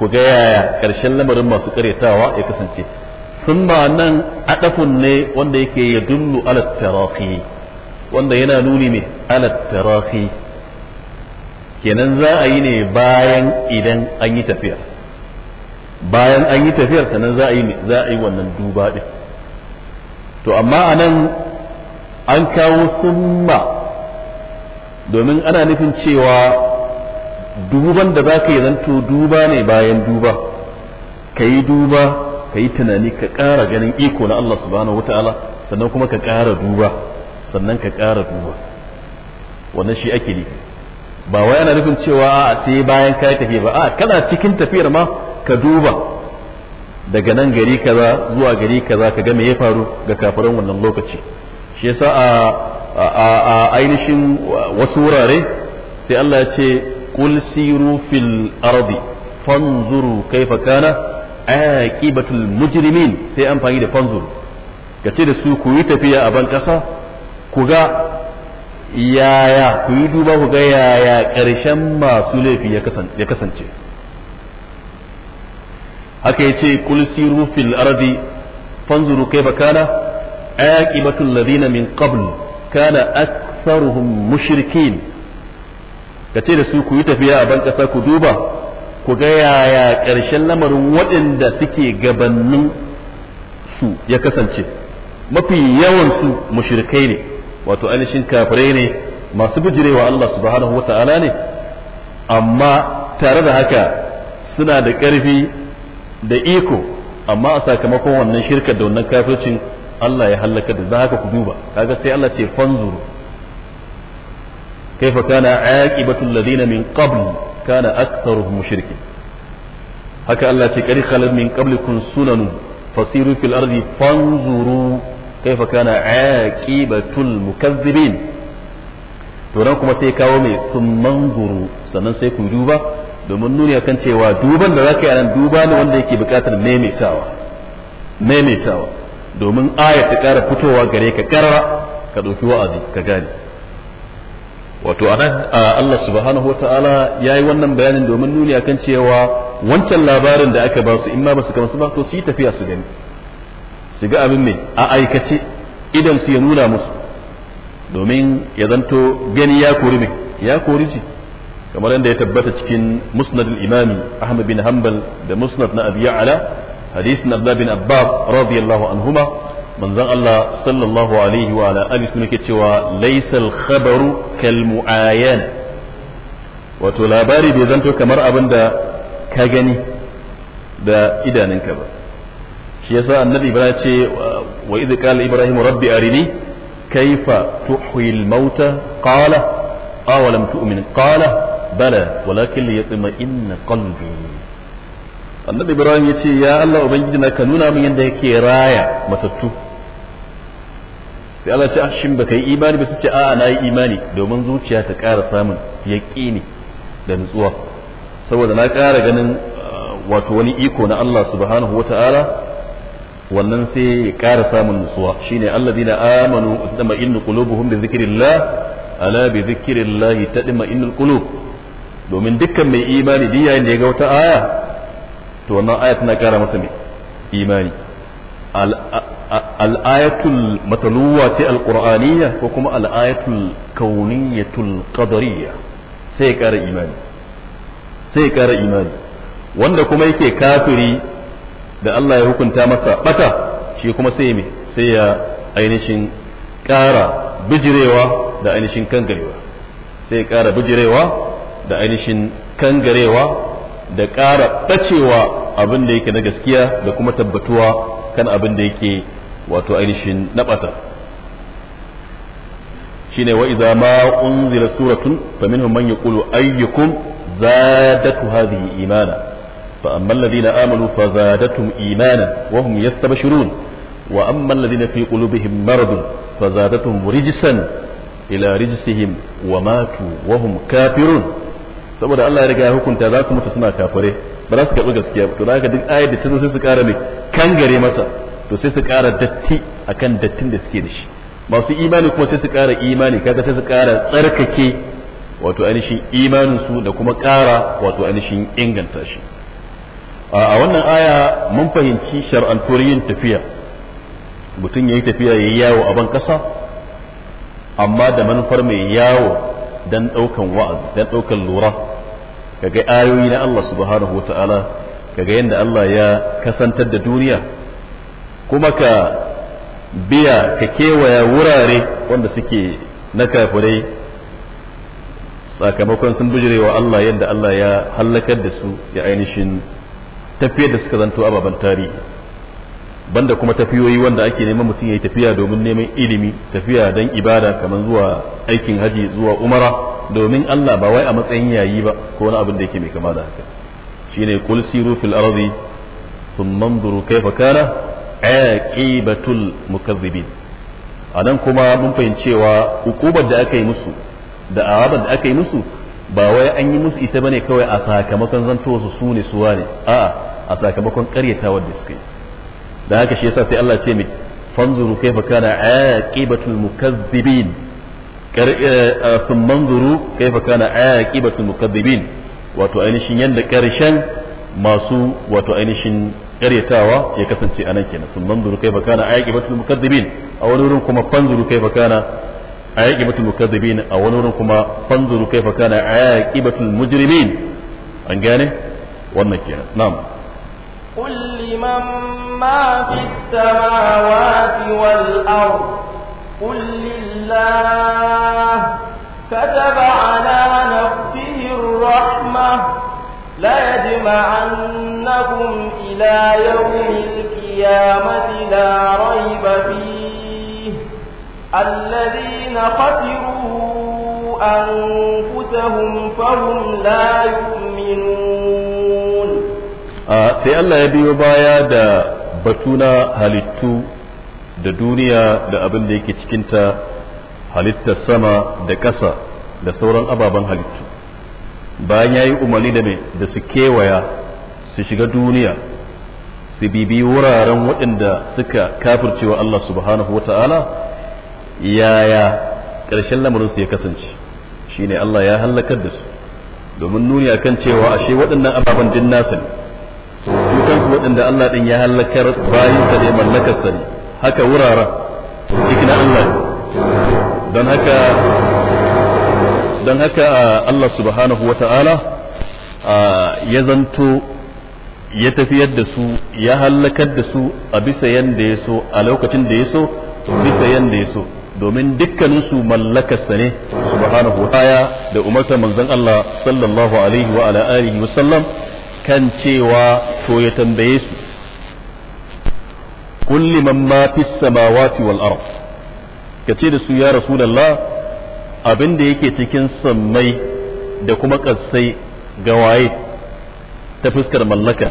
ku ga yaya ƙarshen lamarin masu ƙaryatawa ya kasance summa nan adafun ne wanda yake ya dullu ala tarafi wanda yana nuni ne ala tarafi kenan za a yi ne bayan idan an yi tafiya bayan an yi tafiyar sannan za a yi za a yi wannan duba din to amma a nan an kawo summa domin ana nufin cewa duban da za ka yi zanto duba ne bayan duba ka yi duba ka yi tunani ka ƙara ganin iko na Allah subhanahu wataala sannan kuma ka ƙara duba sannan ka ƙara duba wannan shi ake ne. ba wai ana nufin cewa sai bayan ka tafiya ba a kana cikin tafiyar ma ka duba daga nan gari kaza zuwa gari kaza ka ga me ya faru ga kafirin wannan lokaci shi yasa a a ainihin wasu wurare sai Allah ya ce qul siru fil ardi fanzuru kaifa kana aqibatul mujrimin sai amfani da fanzur kace da su ku yi tafiya a ban kasa ku ga yaya ku yi duba ku ga yaya ƙarshen masu laifi ya kasance haka yace qul siru fil ardi fanzuru kayfa kana aqibatul ladina min qabl kana aktharuhum mushrikin kace da su ku yi tafiya a ban kasa ku duba ku ga yaya ƙarshen lamarin waɗanda suke gabanin su ya kasance mafi yawan su mushrikai ne wato ainihin kafirai ne masu bijirewa Allah subhanahu wata'ala ne amma tare da haka suna da ƙarfi da iko amma a sakamakon wannan shirkar da wannan kafircin Allah ya hallaka da za haka ku duba kaga sai Allah ce fanzuru kaifa kana aqibatul ladina min qabl kana aktharuhum mushrikin haka Allah ce qad khalal min qablikum sunanun fasiru fil ardi fanzuru kaifa kana aqibatul mukazzibin to kuma sai kawo mai sun zuru sannan sai ku duba domin nuni akan cewa duban da zaka yi nan duba ne wanda yake bukatar maimaitawa maimaitawa domin aya ta kara fitowa gare ka karara ka ɗauki wa'azi ka gane wato anan Allah subhanahu ya yi wannan bayanin domin nuni akan cewa wancan labarin da aka ba su in ma ba su ba to su yi tafiya su gani su ga abin ne a aikace idan su ya nuna musu domin ya zanto gani ya kori me ya kori ji kamar yadda ya tabbata cikin musnad imami Ahmad bin Hanbal da musnad na Abi Ya'la hadisin Abdullahi bin Abbas radiyallahu anhuma manzon Allah sallallahu alaihi wa alihi sun ke cewa laysal khabaru kal muayyan wato labari bai zanto kamar abin da ka gani da idanunka ba shi yasa annabi ibrahim ce wa idh qala ibrahim rabbi arini kayfa tuhyi al mauta qala awalam tu'min qala bala walakin liyatma'inna qalbi annabi ibrahim yace ya Allah ubangiji na ka nuna min yadda yake raya matattu sai Allah ce ah, shin baka yi imani ba su ce a'a na yi imani domin zuciya ta ƙara samun yaƙini da nutsuwa saboda na ƙara ganin ah, wato wani iko na Allah subhanahu wata'ala wannan sai ya ƙara samun nutsuwa shine dina amanu tatma'innu qulubuhum bi dhikrillah ala bi dhikrillah tatma'innul qulub domin dukkan mai imani din yayin da ya ga wata aya to wannan aya tana ƙara masa mai imani al'ayatul mataluwa ce alqur'aniyya ko kuma al'ayatul kauniyatul qadariyya sai ya ƙara imani sai ya ƙara imani wanda kuma yake kafiri da Allah ya hukunta masa bata shi kuma sai me sai ya ainihin ƙara bijirewa da ainihin kangarewa sai ya ƙara bijirewa da ainihin kangarewa da ƙara ɓacewa abin da yake na gaskiya da kuma tabbatuwa kan abin da yake wato ainihin nabata shine wa idza ma unzila suratun faminhum man yaqulu ayyukum zadatu hadhihi imana fa amma alladhina amanu fazadatum imana wa hum yastabshirun wa amma alladhina fi qulubihim maradun fazadatuhum rijsan ila rijsihim wa matu wa hum kafirun saboda Allah ya riga ya hukunta za su mutu suna kafare. ba za su karɓi gaskiya ba to za ka duk ayar da ta zo sai su ƙara mai kangare masa to sai su ƙara datti akan dattin da suke da shi masu imani kuma sai su ƙara imani kaga sai su ƙara tsarkake wato ainihin imanin su da kuma ƙara wato ainihin inganta shi a wannan aya mun fahimci shar'antuwar yin tafiya mutum ya yi tafiya ya yawo a ban ƙasa amma da manufar mai yawo don ɗaukan wa'azi don ɗaukan lura kaga ayoyi na Allah subhanahu wataala kaga yadda Allah ya kasantar da duniya kuma ka biya ka kewaya wurare wanda suke na kafirai sakamakon sun wa Allah yadda Allah ya hallakar da su ya ainihin tafiyar da suka zanto ababen tarihi banda kuma tafiyoyi wanda ake neman mutum ya yi tafiya domin neman ilimi tafiya don ibada kamar zuwa aikin haji zuwa umara domin Allah ba wai a matsayin yayi ba ko wani abin da yake mai kama da haka shine qul siru fil ardi thumma anzuru kayfa kana aqibatul mukazzibin anan kuma mun fahimcewa hukubar da aka yi musu da azabar da aka yi musu ba wai an yi musu ita bane kawai a sakamakon zanto su ne su ne a'a a sakamakon karyatawar da suka yi da haka shi yasa sai Allah ce mi fanzuru kayfa kana aqibatul mukazzibin Eh, eh, sun manzuru kai fa kana aya kibatu mukaddibin wato ainihin yanda karshen masu wato ainihin karyatawa ya kasance a nan kenan sun manzuru kai fa kana aya kibatu mukaddibin a wani wurin kuma fanzuru kai fa kana aya kibatu mukaddibin a wani wurin kuma fanzuru kai fa kana aya kibatu mujrimin an gane wannan kenan na'am قل لمن ما في wal والأرض قل لله كتب على نفسه الرحمة لا يجمعنكم إلى يوم القيامة لا ريب فيه الذين خسروا أنفسهم فهم لا يؤمنون sai Allah ya biyo baya da batuna halittu da duniya da abin da yake cikinta halittar sama da ƙasa da sauran ababen halittu bayan ya yi umarni da mai da su kewaya su shiga duniya su bibi wuraren waɗanda suka kafircewa Allah subhanahu wa ta'ala yaya ƙarshen lamarinsu ya kasance shine Allah ya hallakar da su domin nuni akan cewa ashe waɗannan ababen din nasa ne su kansu waɗanda Allah ɗin ya hallakar bayan sa ne mallakar sa ne haka wuraren duk na Allah don haka don haka Allah subhanahu wata'ala ya zanto ya tafiyar da su ya hallakar da su a bisa yanda ya so a lokacin da ya so bisa yanda ya so domin dukkaninsu mallakarsa ne subhanahu wa ta'ala da umarta manzon Allah sallallahu alaihi wa ala alihi wa sallam kan cewa to ya tambaye su qul liman ma fis samawati wal ard kace da su ya rasulullah abin da yake cikin sammai da kuma ƙasai ga waye ta fuskar mallaka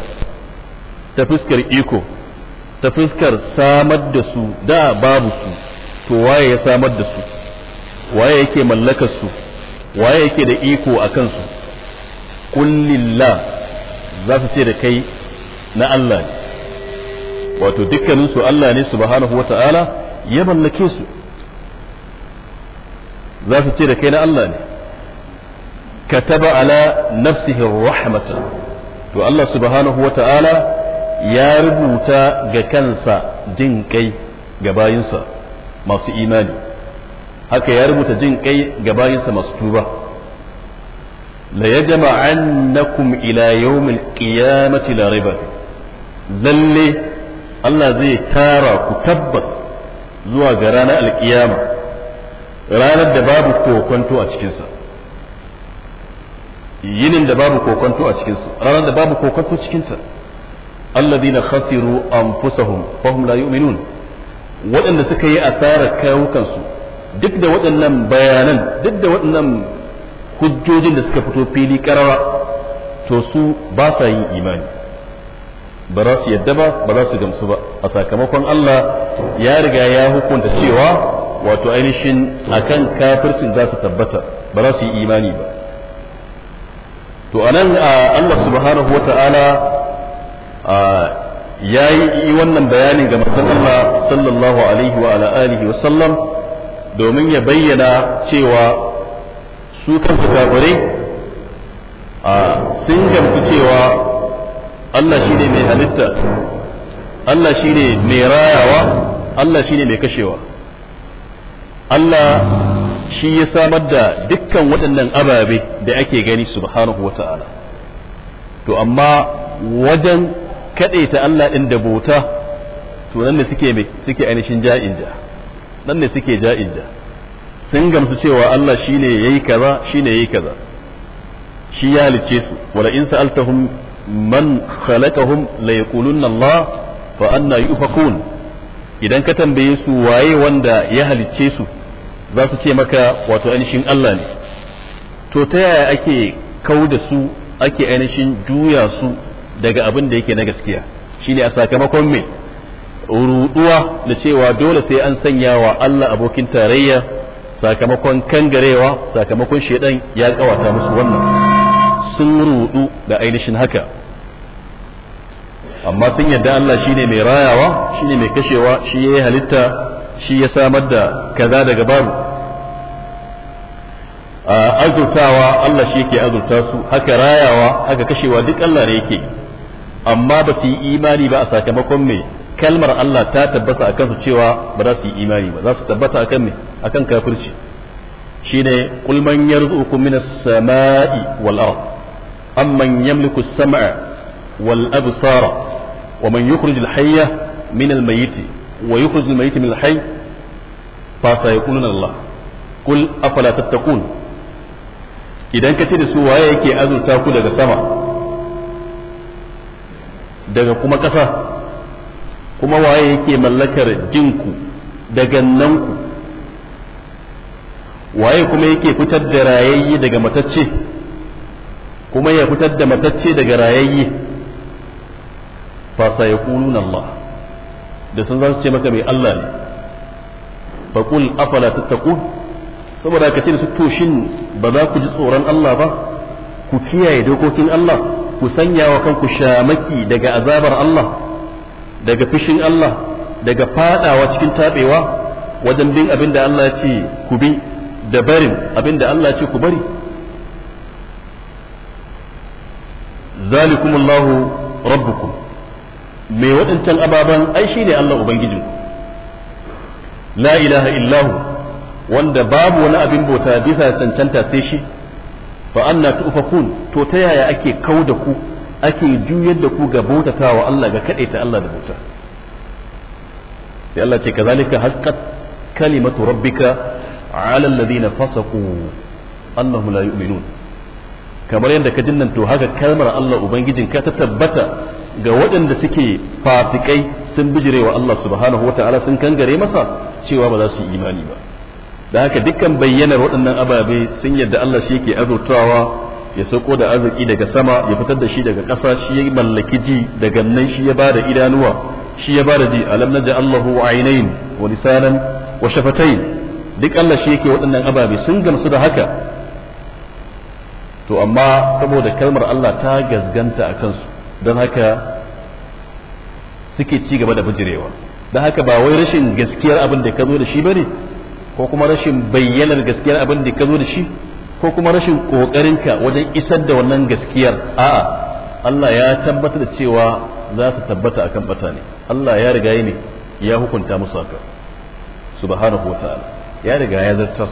ta fuskar iko ta fuskar samar da su da babu su to waye ya samar da su waye yake mallakar su waye yake da iko a kansu kullillah za su ce da kai na Allah ne wato dukkaninsu su Allah ne subhanahu wata'ala ya mallake su za su ce da kai na Allah ne kataba ala nafsihi rahmatan to Allah subhanahu wata'ala ya rubuta ga kansa jin kai ga bayinsa masu imani haka ya rubuta jin kai ga bayinsa masu tuba la yajma'annakum ila yawmil qiyamati la riba lalle Allah zai tara ku tabbas zuwa ga ranar alkiyama ranar da babu kokonto a cikinsa yinin da babu kokonto a cikinsa ranar da babu kokonto cikinsa alladhina khasiru anfusahum fahum la yu'minun waɗanda suka yi asarar kayukansu duk da waɗannan bayanan duk da waɗannan hujjojin da suka fito fili karara to su ba sa yin imani ba za su yadda ba ba za su gamsu ba a sakamakon Allah ya riga ya hukunta cewa wato ainihin akan kafircin za su tabbata ba za su yi imani ba to anan Allah subhanahu ta'ala ya yi wannan bayanin ga manzon Allah sallallahu alaihi wa alihi wa sallam domin ya bayyana cewa su kansu kafirai sun gamsu cewa Allah shi ne mai halitta Allah shi ne mai rayawa Allah shi ne mai kashewa Allah shi ya samar da dukkan waɗannan ababe da ake gani subhanahu wa ta'ala, to amma wajen kaɗaita Allah ɗin da bota, to nan ne suke mai suke ainihin ja'inja nan ne suke ja'inja sun gamsu cewa Allah shi ne ya yi kaza shi ne ya yi kaza shi ya halice su wala in sa'altahum man khalaqahum la yaquluna Allah fa anna yufakun idan ka tambaye su waye wanda ya halicce su za su ce maka wato ainihin Allah ne to ta yaya ake kau da su ake ainihin juya su daga abin da yake na gaskiya shine a sakamakon me ruduwa da cewa dole sai an sanya wa Allah abokin tarayya sakamakon kangarewa sakamakon shedan ya kawata musu wannan sun rudu da ainihin haka amma sun yadda Allah shine mai rayawa shine mai kashewa shi yi halitta shi ya samar da kaza daga babu azurtawa Allah shi yake azurta su haka rayawa haka kashewa duk Allah ne yake amma ba su yi imani ba a sakamakon me kalmar Allah ta tabbata akan su cewa ba za su yi imani ba za su tabbata akan me akan kafirci shine kulman man yarzuqukum sama'i wal ard amman yamliku as-sam'a wal absara wa man yukhrij al-hayya min al-mayyit wa yukhrij al-mayyit min al-hayy fa sayaquluna Allah kul afala tattaqun idan ka ce da su waye yake azurta ku daga sama daga kuma ƙasa kuma waye mallakar jinku da gannanku waye kuma yake fitar da rayayye daga matacce kuma ya fitar da matacce daga rayayye fa sayaquluna Allah da sun za ce maka mai Allah ne fa qul afala tattaqun saboda ka ce da su toshin shin ba za ku ji tsoron Allah ba ku kiyaye dokokin Allah ku sanya wa kanku shamaki daga azabar Allah daga fushin Allah daga fadawa cikin tabewa wajen bin abin da Allah ya ce ku bi da barin abin da Allah ya ce ku bari zalikum Allahu rabbukum mai waɗancan ababen ai ne Allah ubangijin la ilaha illahu wanda babu wani abin bauta bisa cancanta sai shi fa anna tu'fakun to ta yaya ake kau da ku ake juyar da ku ga bautatawa Allah ga kadaita Allah da bauta sai Allah ce kazalika haqqat kalimatu rabbika ala alladhina fasaqu annahum la yu'minun kamar yadda ka jinnan to haka kalmar Allah ubangijin ka ta tabbata ga waɗanda suke fatikai sun wa Allah subhanahu wataala sun kangare masa cewa ba za su yi imani ba da haka dukkan bayyanar waɗannan ababe sun yadda Allah shi yake azurtawa ya sauko da arziki daga sama ya fitar da shi daga ƙasa shi ya mallaki ji daga nan shi ya ba da idanuwa shi ya ba da ji alam naja Allahu ainain wa lisanan wa shafatayn duk Allah shi yake waɗannan ababe sun gamsu da haka to amma saboda kalmar Allah ta gazganta a kansu don haka suke ci gaba da bijirewa don haka ba wai rashin gaskiyar abin da ka zo da shi ba ne ko kuma rashin bayyanar gaskiyar abin da ka zo da shi ko kuma rashin ƙoƙarinka wajen isar da wannan gaskiyar a'a Allah ya tabbatar da cewa za su tabbata a kan ne Allah ya riga ne ya hukunta musu haka subhanahu wa ta'ala ya riga ya zartar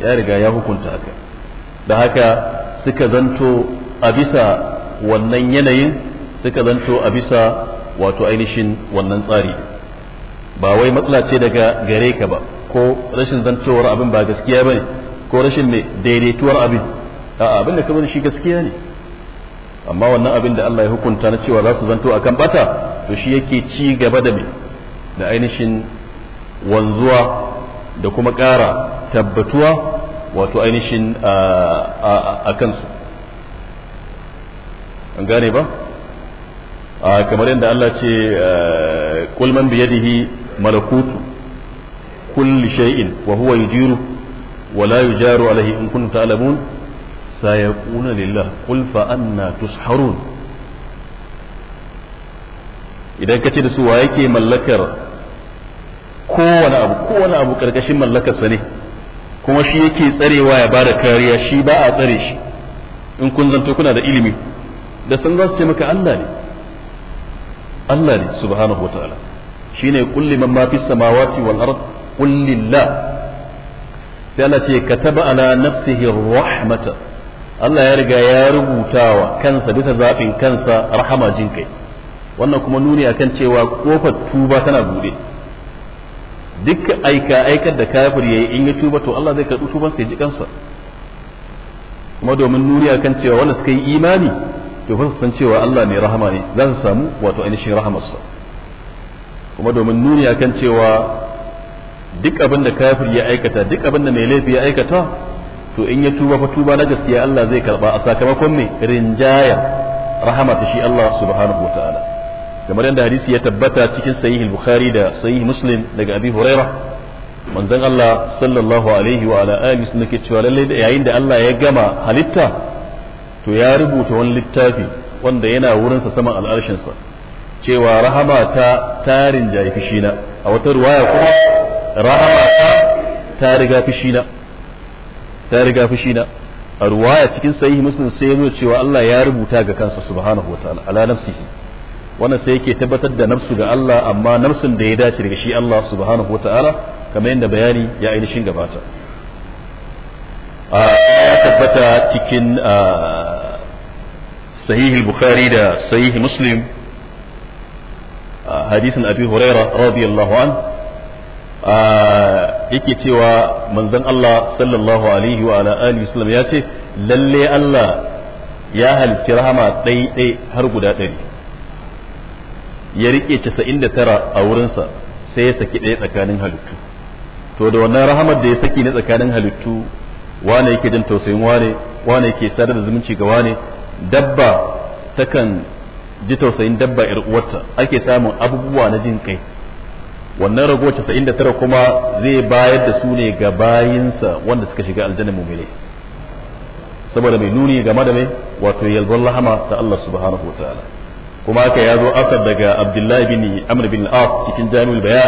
ya riga ya hukunta haka da haka suka zanto a bisa wannan yanayin suka zanto a bisa wato ainihin wannan tsari ba wai matsala ce daga gare ka ba ko rashin zantowar abin ba gaskiya ba ne ko rashin ne daidaituwar abin a abin da ka shi gaskiya ne amma wannan abin da Allah ya hukunta na cewa za su zanto akan bata to shi yake ci gaba da me da ainihin wanzuwa da kuma ƙara tabbatuwa wato ainihin a kansu an gane ba kamar yadda Allah ce kulman biyadihi malakutu kulli shay'in wa huwa yujiru wa la yujaru alaihi in kuntum ta'lamun sayaquna lillah qul fa anna tusharun idan kace da su wa yake mallakar kowane abu kowane abu karkashin ne kuma shi yake tsarewa ya bada kariya shi ba a tsare shi in kun zanto kuna da ilimi da san za su ce maka Allah ne Allah ne subhanahu wa ta'ala shine kulli man ma fis samawati wal ard qul lillah sai Allah ce kataba ala nafsihi rahmata Allah ya riga ya rubutawa kansa bisa zafin kansa rahama jin kai wannan kuma nuni akan cewa kofar tuba tana bude duk aika aikar da kafir yayi in ya tuba to Allah zai karɓi tuban sai ji kansa kuma domin nuriya kan cewa wanda suka yi imani to fa san cewa Allah ne rahama ne za su samu wato ainihin rahamarsa kuma domin nuriya kan cewa duk abin da kafir ya aikata duk abin da mai laifi ya aikata to in ya tuba fa tuba na gaskiya Allah zai karba a sakamakon me rinjaya rahama ta shi Allah subhanahu wataala kamar yadda hadisi ya tabbata cikin sahih bukhari da sahih muslim daga abi huraira manzon Allah sallallahu alaihi wa ala alihi sun ke cewa lalle da yayin da Allah ya gama halitta to ya rubuta wani littafi wanda yana wurin sa saman al'arshin sa cewa rahamata ta tarin jayi fishina a wata ruwaya kuma rahamata ta riga fishina ta riga fishina a ruwaya cikin sahih muslim sai ya cewa Allah ya rubuta ga kansa subhanahu wa ta'ala ala nafsihi wannan sai yake tabbatar da nafsu ga Allah amma nafsun da ya dace daga shi Allah subhanahu wa ta'ala kamar yadda bayani ya ainihin gabata ah, ya tabbata cikin ah, sahih bukhari da sahih muslim ah, hadisin abi huraira radiyallahu an yake cewa manzon Allah sallallahu alaihi wa ala alihi sallam ya ce lalle Allah ya halitta rahama ɗai har guda ɗari ya rike 99 a wurinsa sai ya saki ɗaya tsakanin halittu to da wannan rahamar da ya saki na tsakanin halittu wane yake jin tausayin wane wane yake sadar da zumunci ga wane dabba takan ji tausayin dabba yar uwarta ake samun abubuwa na jin kai wannan rago casa'in da tara kuma zai bayar da su ne ga bayinsa wanda suka shiga aljanna mumile saboda mai nuni game da mai wato yalbar lahama ta Allah subhanahu wa ta'ala kuma haka ya zo asar daga abdullahi bin amr bin al cikin jami'ul baya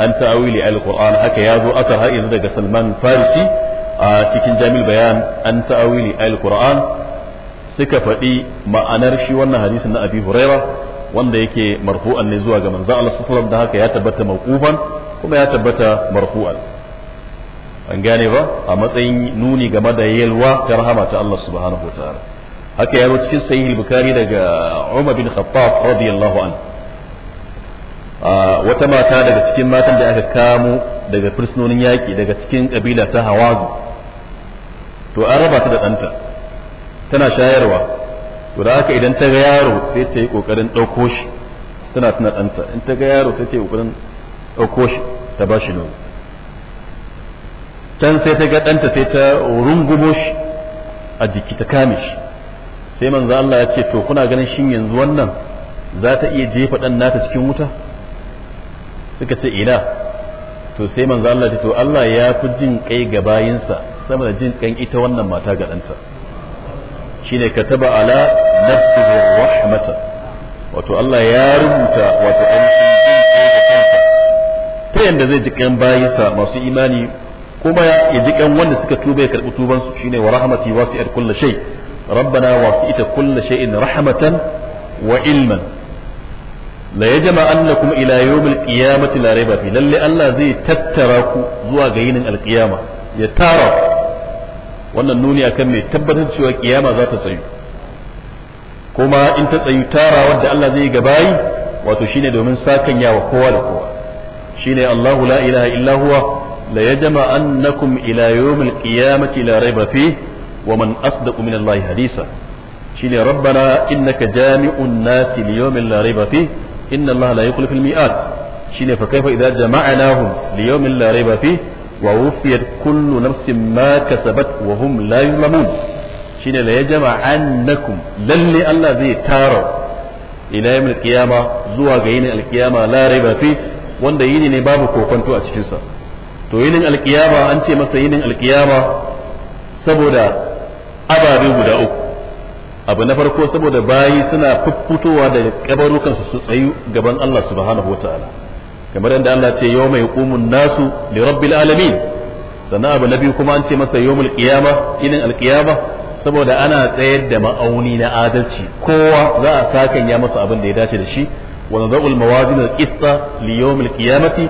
an ta'awili al-qur'an haka ya zo asar har yanzu daga salman farisi a cikin jami'ul bayan an ta'awili al-qur'an suka faɗi ma'anar shi wannan hadisin na abi huraira wanda yake marfu'an ne zuwa ga manzo Allah sallallahu alaihi da haka ya tabbata mauqufan kuma ya tabbata marfu'an an gane ba a matsayin nuni game da yelwa ta rahama ta Allah subhanahu wa ta'ala haka ya cikin sayi bukari daga Umar bin Khattab radiyallahu an ah, wata mata daga cikin matan da aka kamo daga fursunonin yaƙi daga cikin ƙabila ta Hawazu to an raba ta da ɗanta tana shayarwa to da haka idan ta ga yaro sai ta yi ƙoƙarin ɗauko shi tana tana ɗanta in ta ga yaro sai ta yi ƙoƙarin ɗauko shi ta ba shi nono can sai ta ga ɗanta sai ta rungumo shi a jiki ta kame shi sai manzo Allah ya ce to kuna ganin shin yanzu wannan za ta iya jefa dan nata cikin wuta suka ce ina to sai manzo Allah ya ce to Allah ya fi jin kai ga bayinsa sama da jin kan ita wannan mata ga danta shine kataba ala nafsihi rahmata wato Allah ya rubuta wato shi jin kai ga kansa ta yanda zai ji kan bayinsa masu imani kuma ya ji kan wanda suka tuba ya karbi tubansu shine wa rahmati wasi'at kullu shay' ربنا وفئت كل شيء رحمة وعلما la ya jama annakum ila yawmil qiyamati la rayba fi lalle Allah zai tattara ku zuwa ga yinin alqiyama ya tara wannan nuni akan mai tabbatar cewa kiyama za ta tsayu kuma in ta tsayu tara wadda Allah zai gabayi wato shine domin sakan yawa kowa da kowa shine Allahu la ilaha illa huwa la yajma annakum ila yawmil qiyamati la rayba fi wa man asdaqu min Allah hadisa shine rabbana innaka jami'un nas li yawmin la rayba fi inna Allah la yukhlifu al mi'at shine fa kaifa idza jama'nahum li yawmin fi wa wufiyat kullu nafsin ma kasabat wa hum la yuzlamun shine la yajma'annakum lalle Allah zai tara ila yawmin zuwa ga yinin alqiyama la fi wanda yini ne babu kokonto a cikinsa to yinin alkiyama an ce masa yinin alkiyama saboda ababe guda uku abu na farko saboda bayi suna fitowa da kabarukan su tsayu gaban Allah subhanahu wataala kamar yadda Allah ce yawma yaqumun nasu li rabbil alamin sannan abu na biyu kuma an ce masa yawmul qiyama ilin alqiyama saboda ana tsayar da ma'auni na adalci kowa za a sakan ya masa abin da ya dace da shi wa nadhul mawazin al li yawmil qiyamati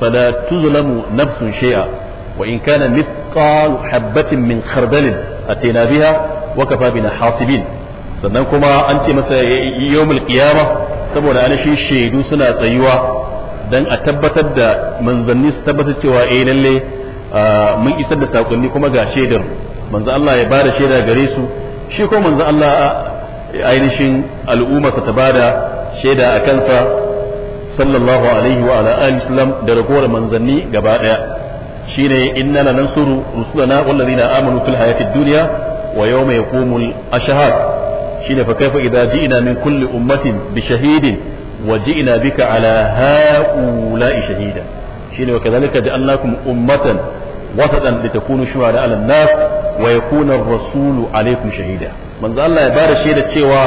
fala tuzlamu nafsun shay'a wa in kana mithqal habatin min khardalin atayna biha wa kafa bina hasibin sannan kuma an ce masa yawmul qiyama saboda an shi shaidu suna tsayuwa dan a tabbatar da manzanni su tabbatar cewa eh lalle mun isar da sakonni kuma ga shaidar manzo Allah ya bada shaida gare su shi ko manzo Allah ainihin al'umma ta bada shaida a kansa sallallahu alaihi wa ala alihi da ragowar manzanni gaba daya shine inna lanansuru rusulana wallazina amanu fil hayatid dunya wa yawma yaqumul ashhad shine fa kaifa idza ji'na min kulli ummatin bi shahidin wa ji'na bika ala haula'i shahida shine wa kadhalika ja'alnakum ummatan wasatan litakunu shuhada 'ala an-nas wa yakuna ar-rasulu 'alaykum shahida manzo Allah ya bada shaida cewa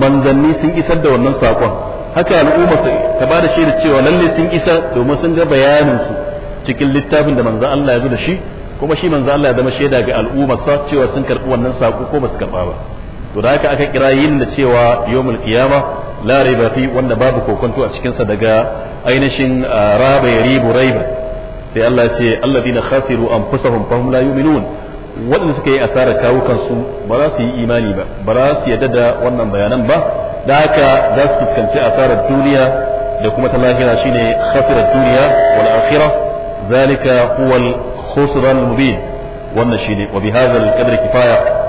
manzanni sun isar da wannan sakon haka al'umma ta bada shaida cewa lalle sun isa domin sun ga bayanin su cikin littafin da manzon Allah ya zo da shi kuma shi manza Allah ya zama shaida ga al'umma sa cewa sun karɓi wannan sako ko ba su karɓa ba to da haka aka kira yin da cewa yawmul qiyama la riba fi wanda babu kokonto a cikin sa daga ainihin raba ribu raiba sai Allah ya ce alladina khasiru anfusahum fahum la yu'minun waɗanda suka yi asara kawukan su ba za su yi imani ba ba za su yadda da wannan bayanan ba da haka za su fuskanci asarar duniya da kuma ta lahira shine khasirar duniya wal akhirah ذلك هو الخسر المبين والنشيد وبهذا القدر كفايه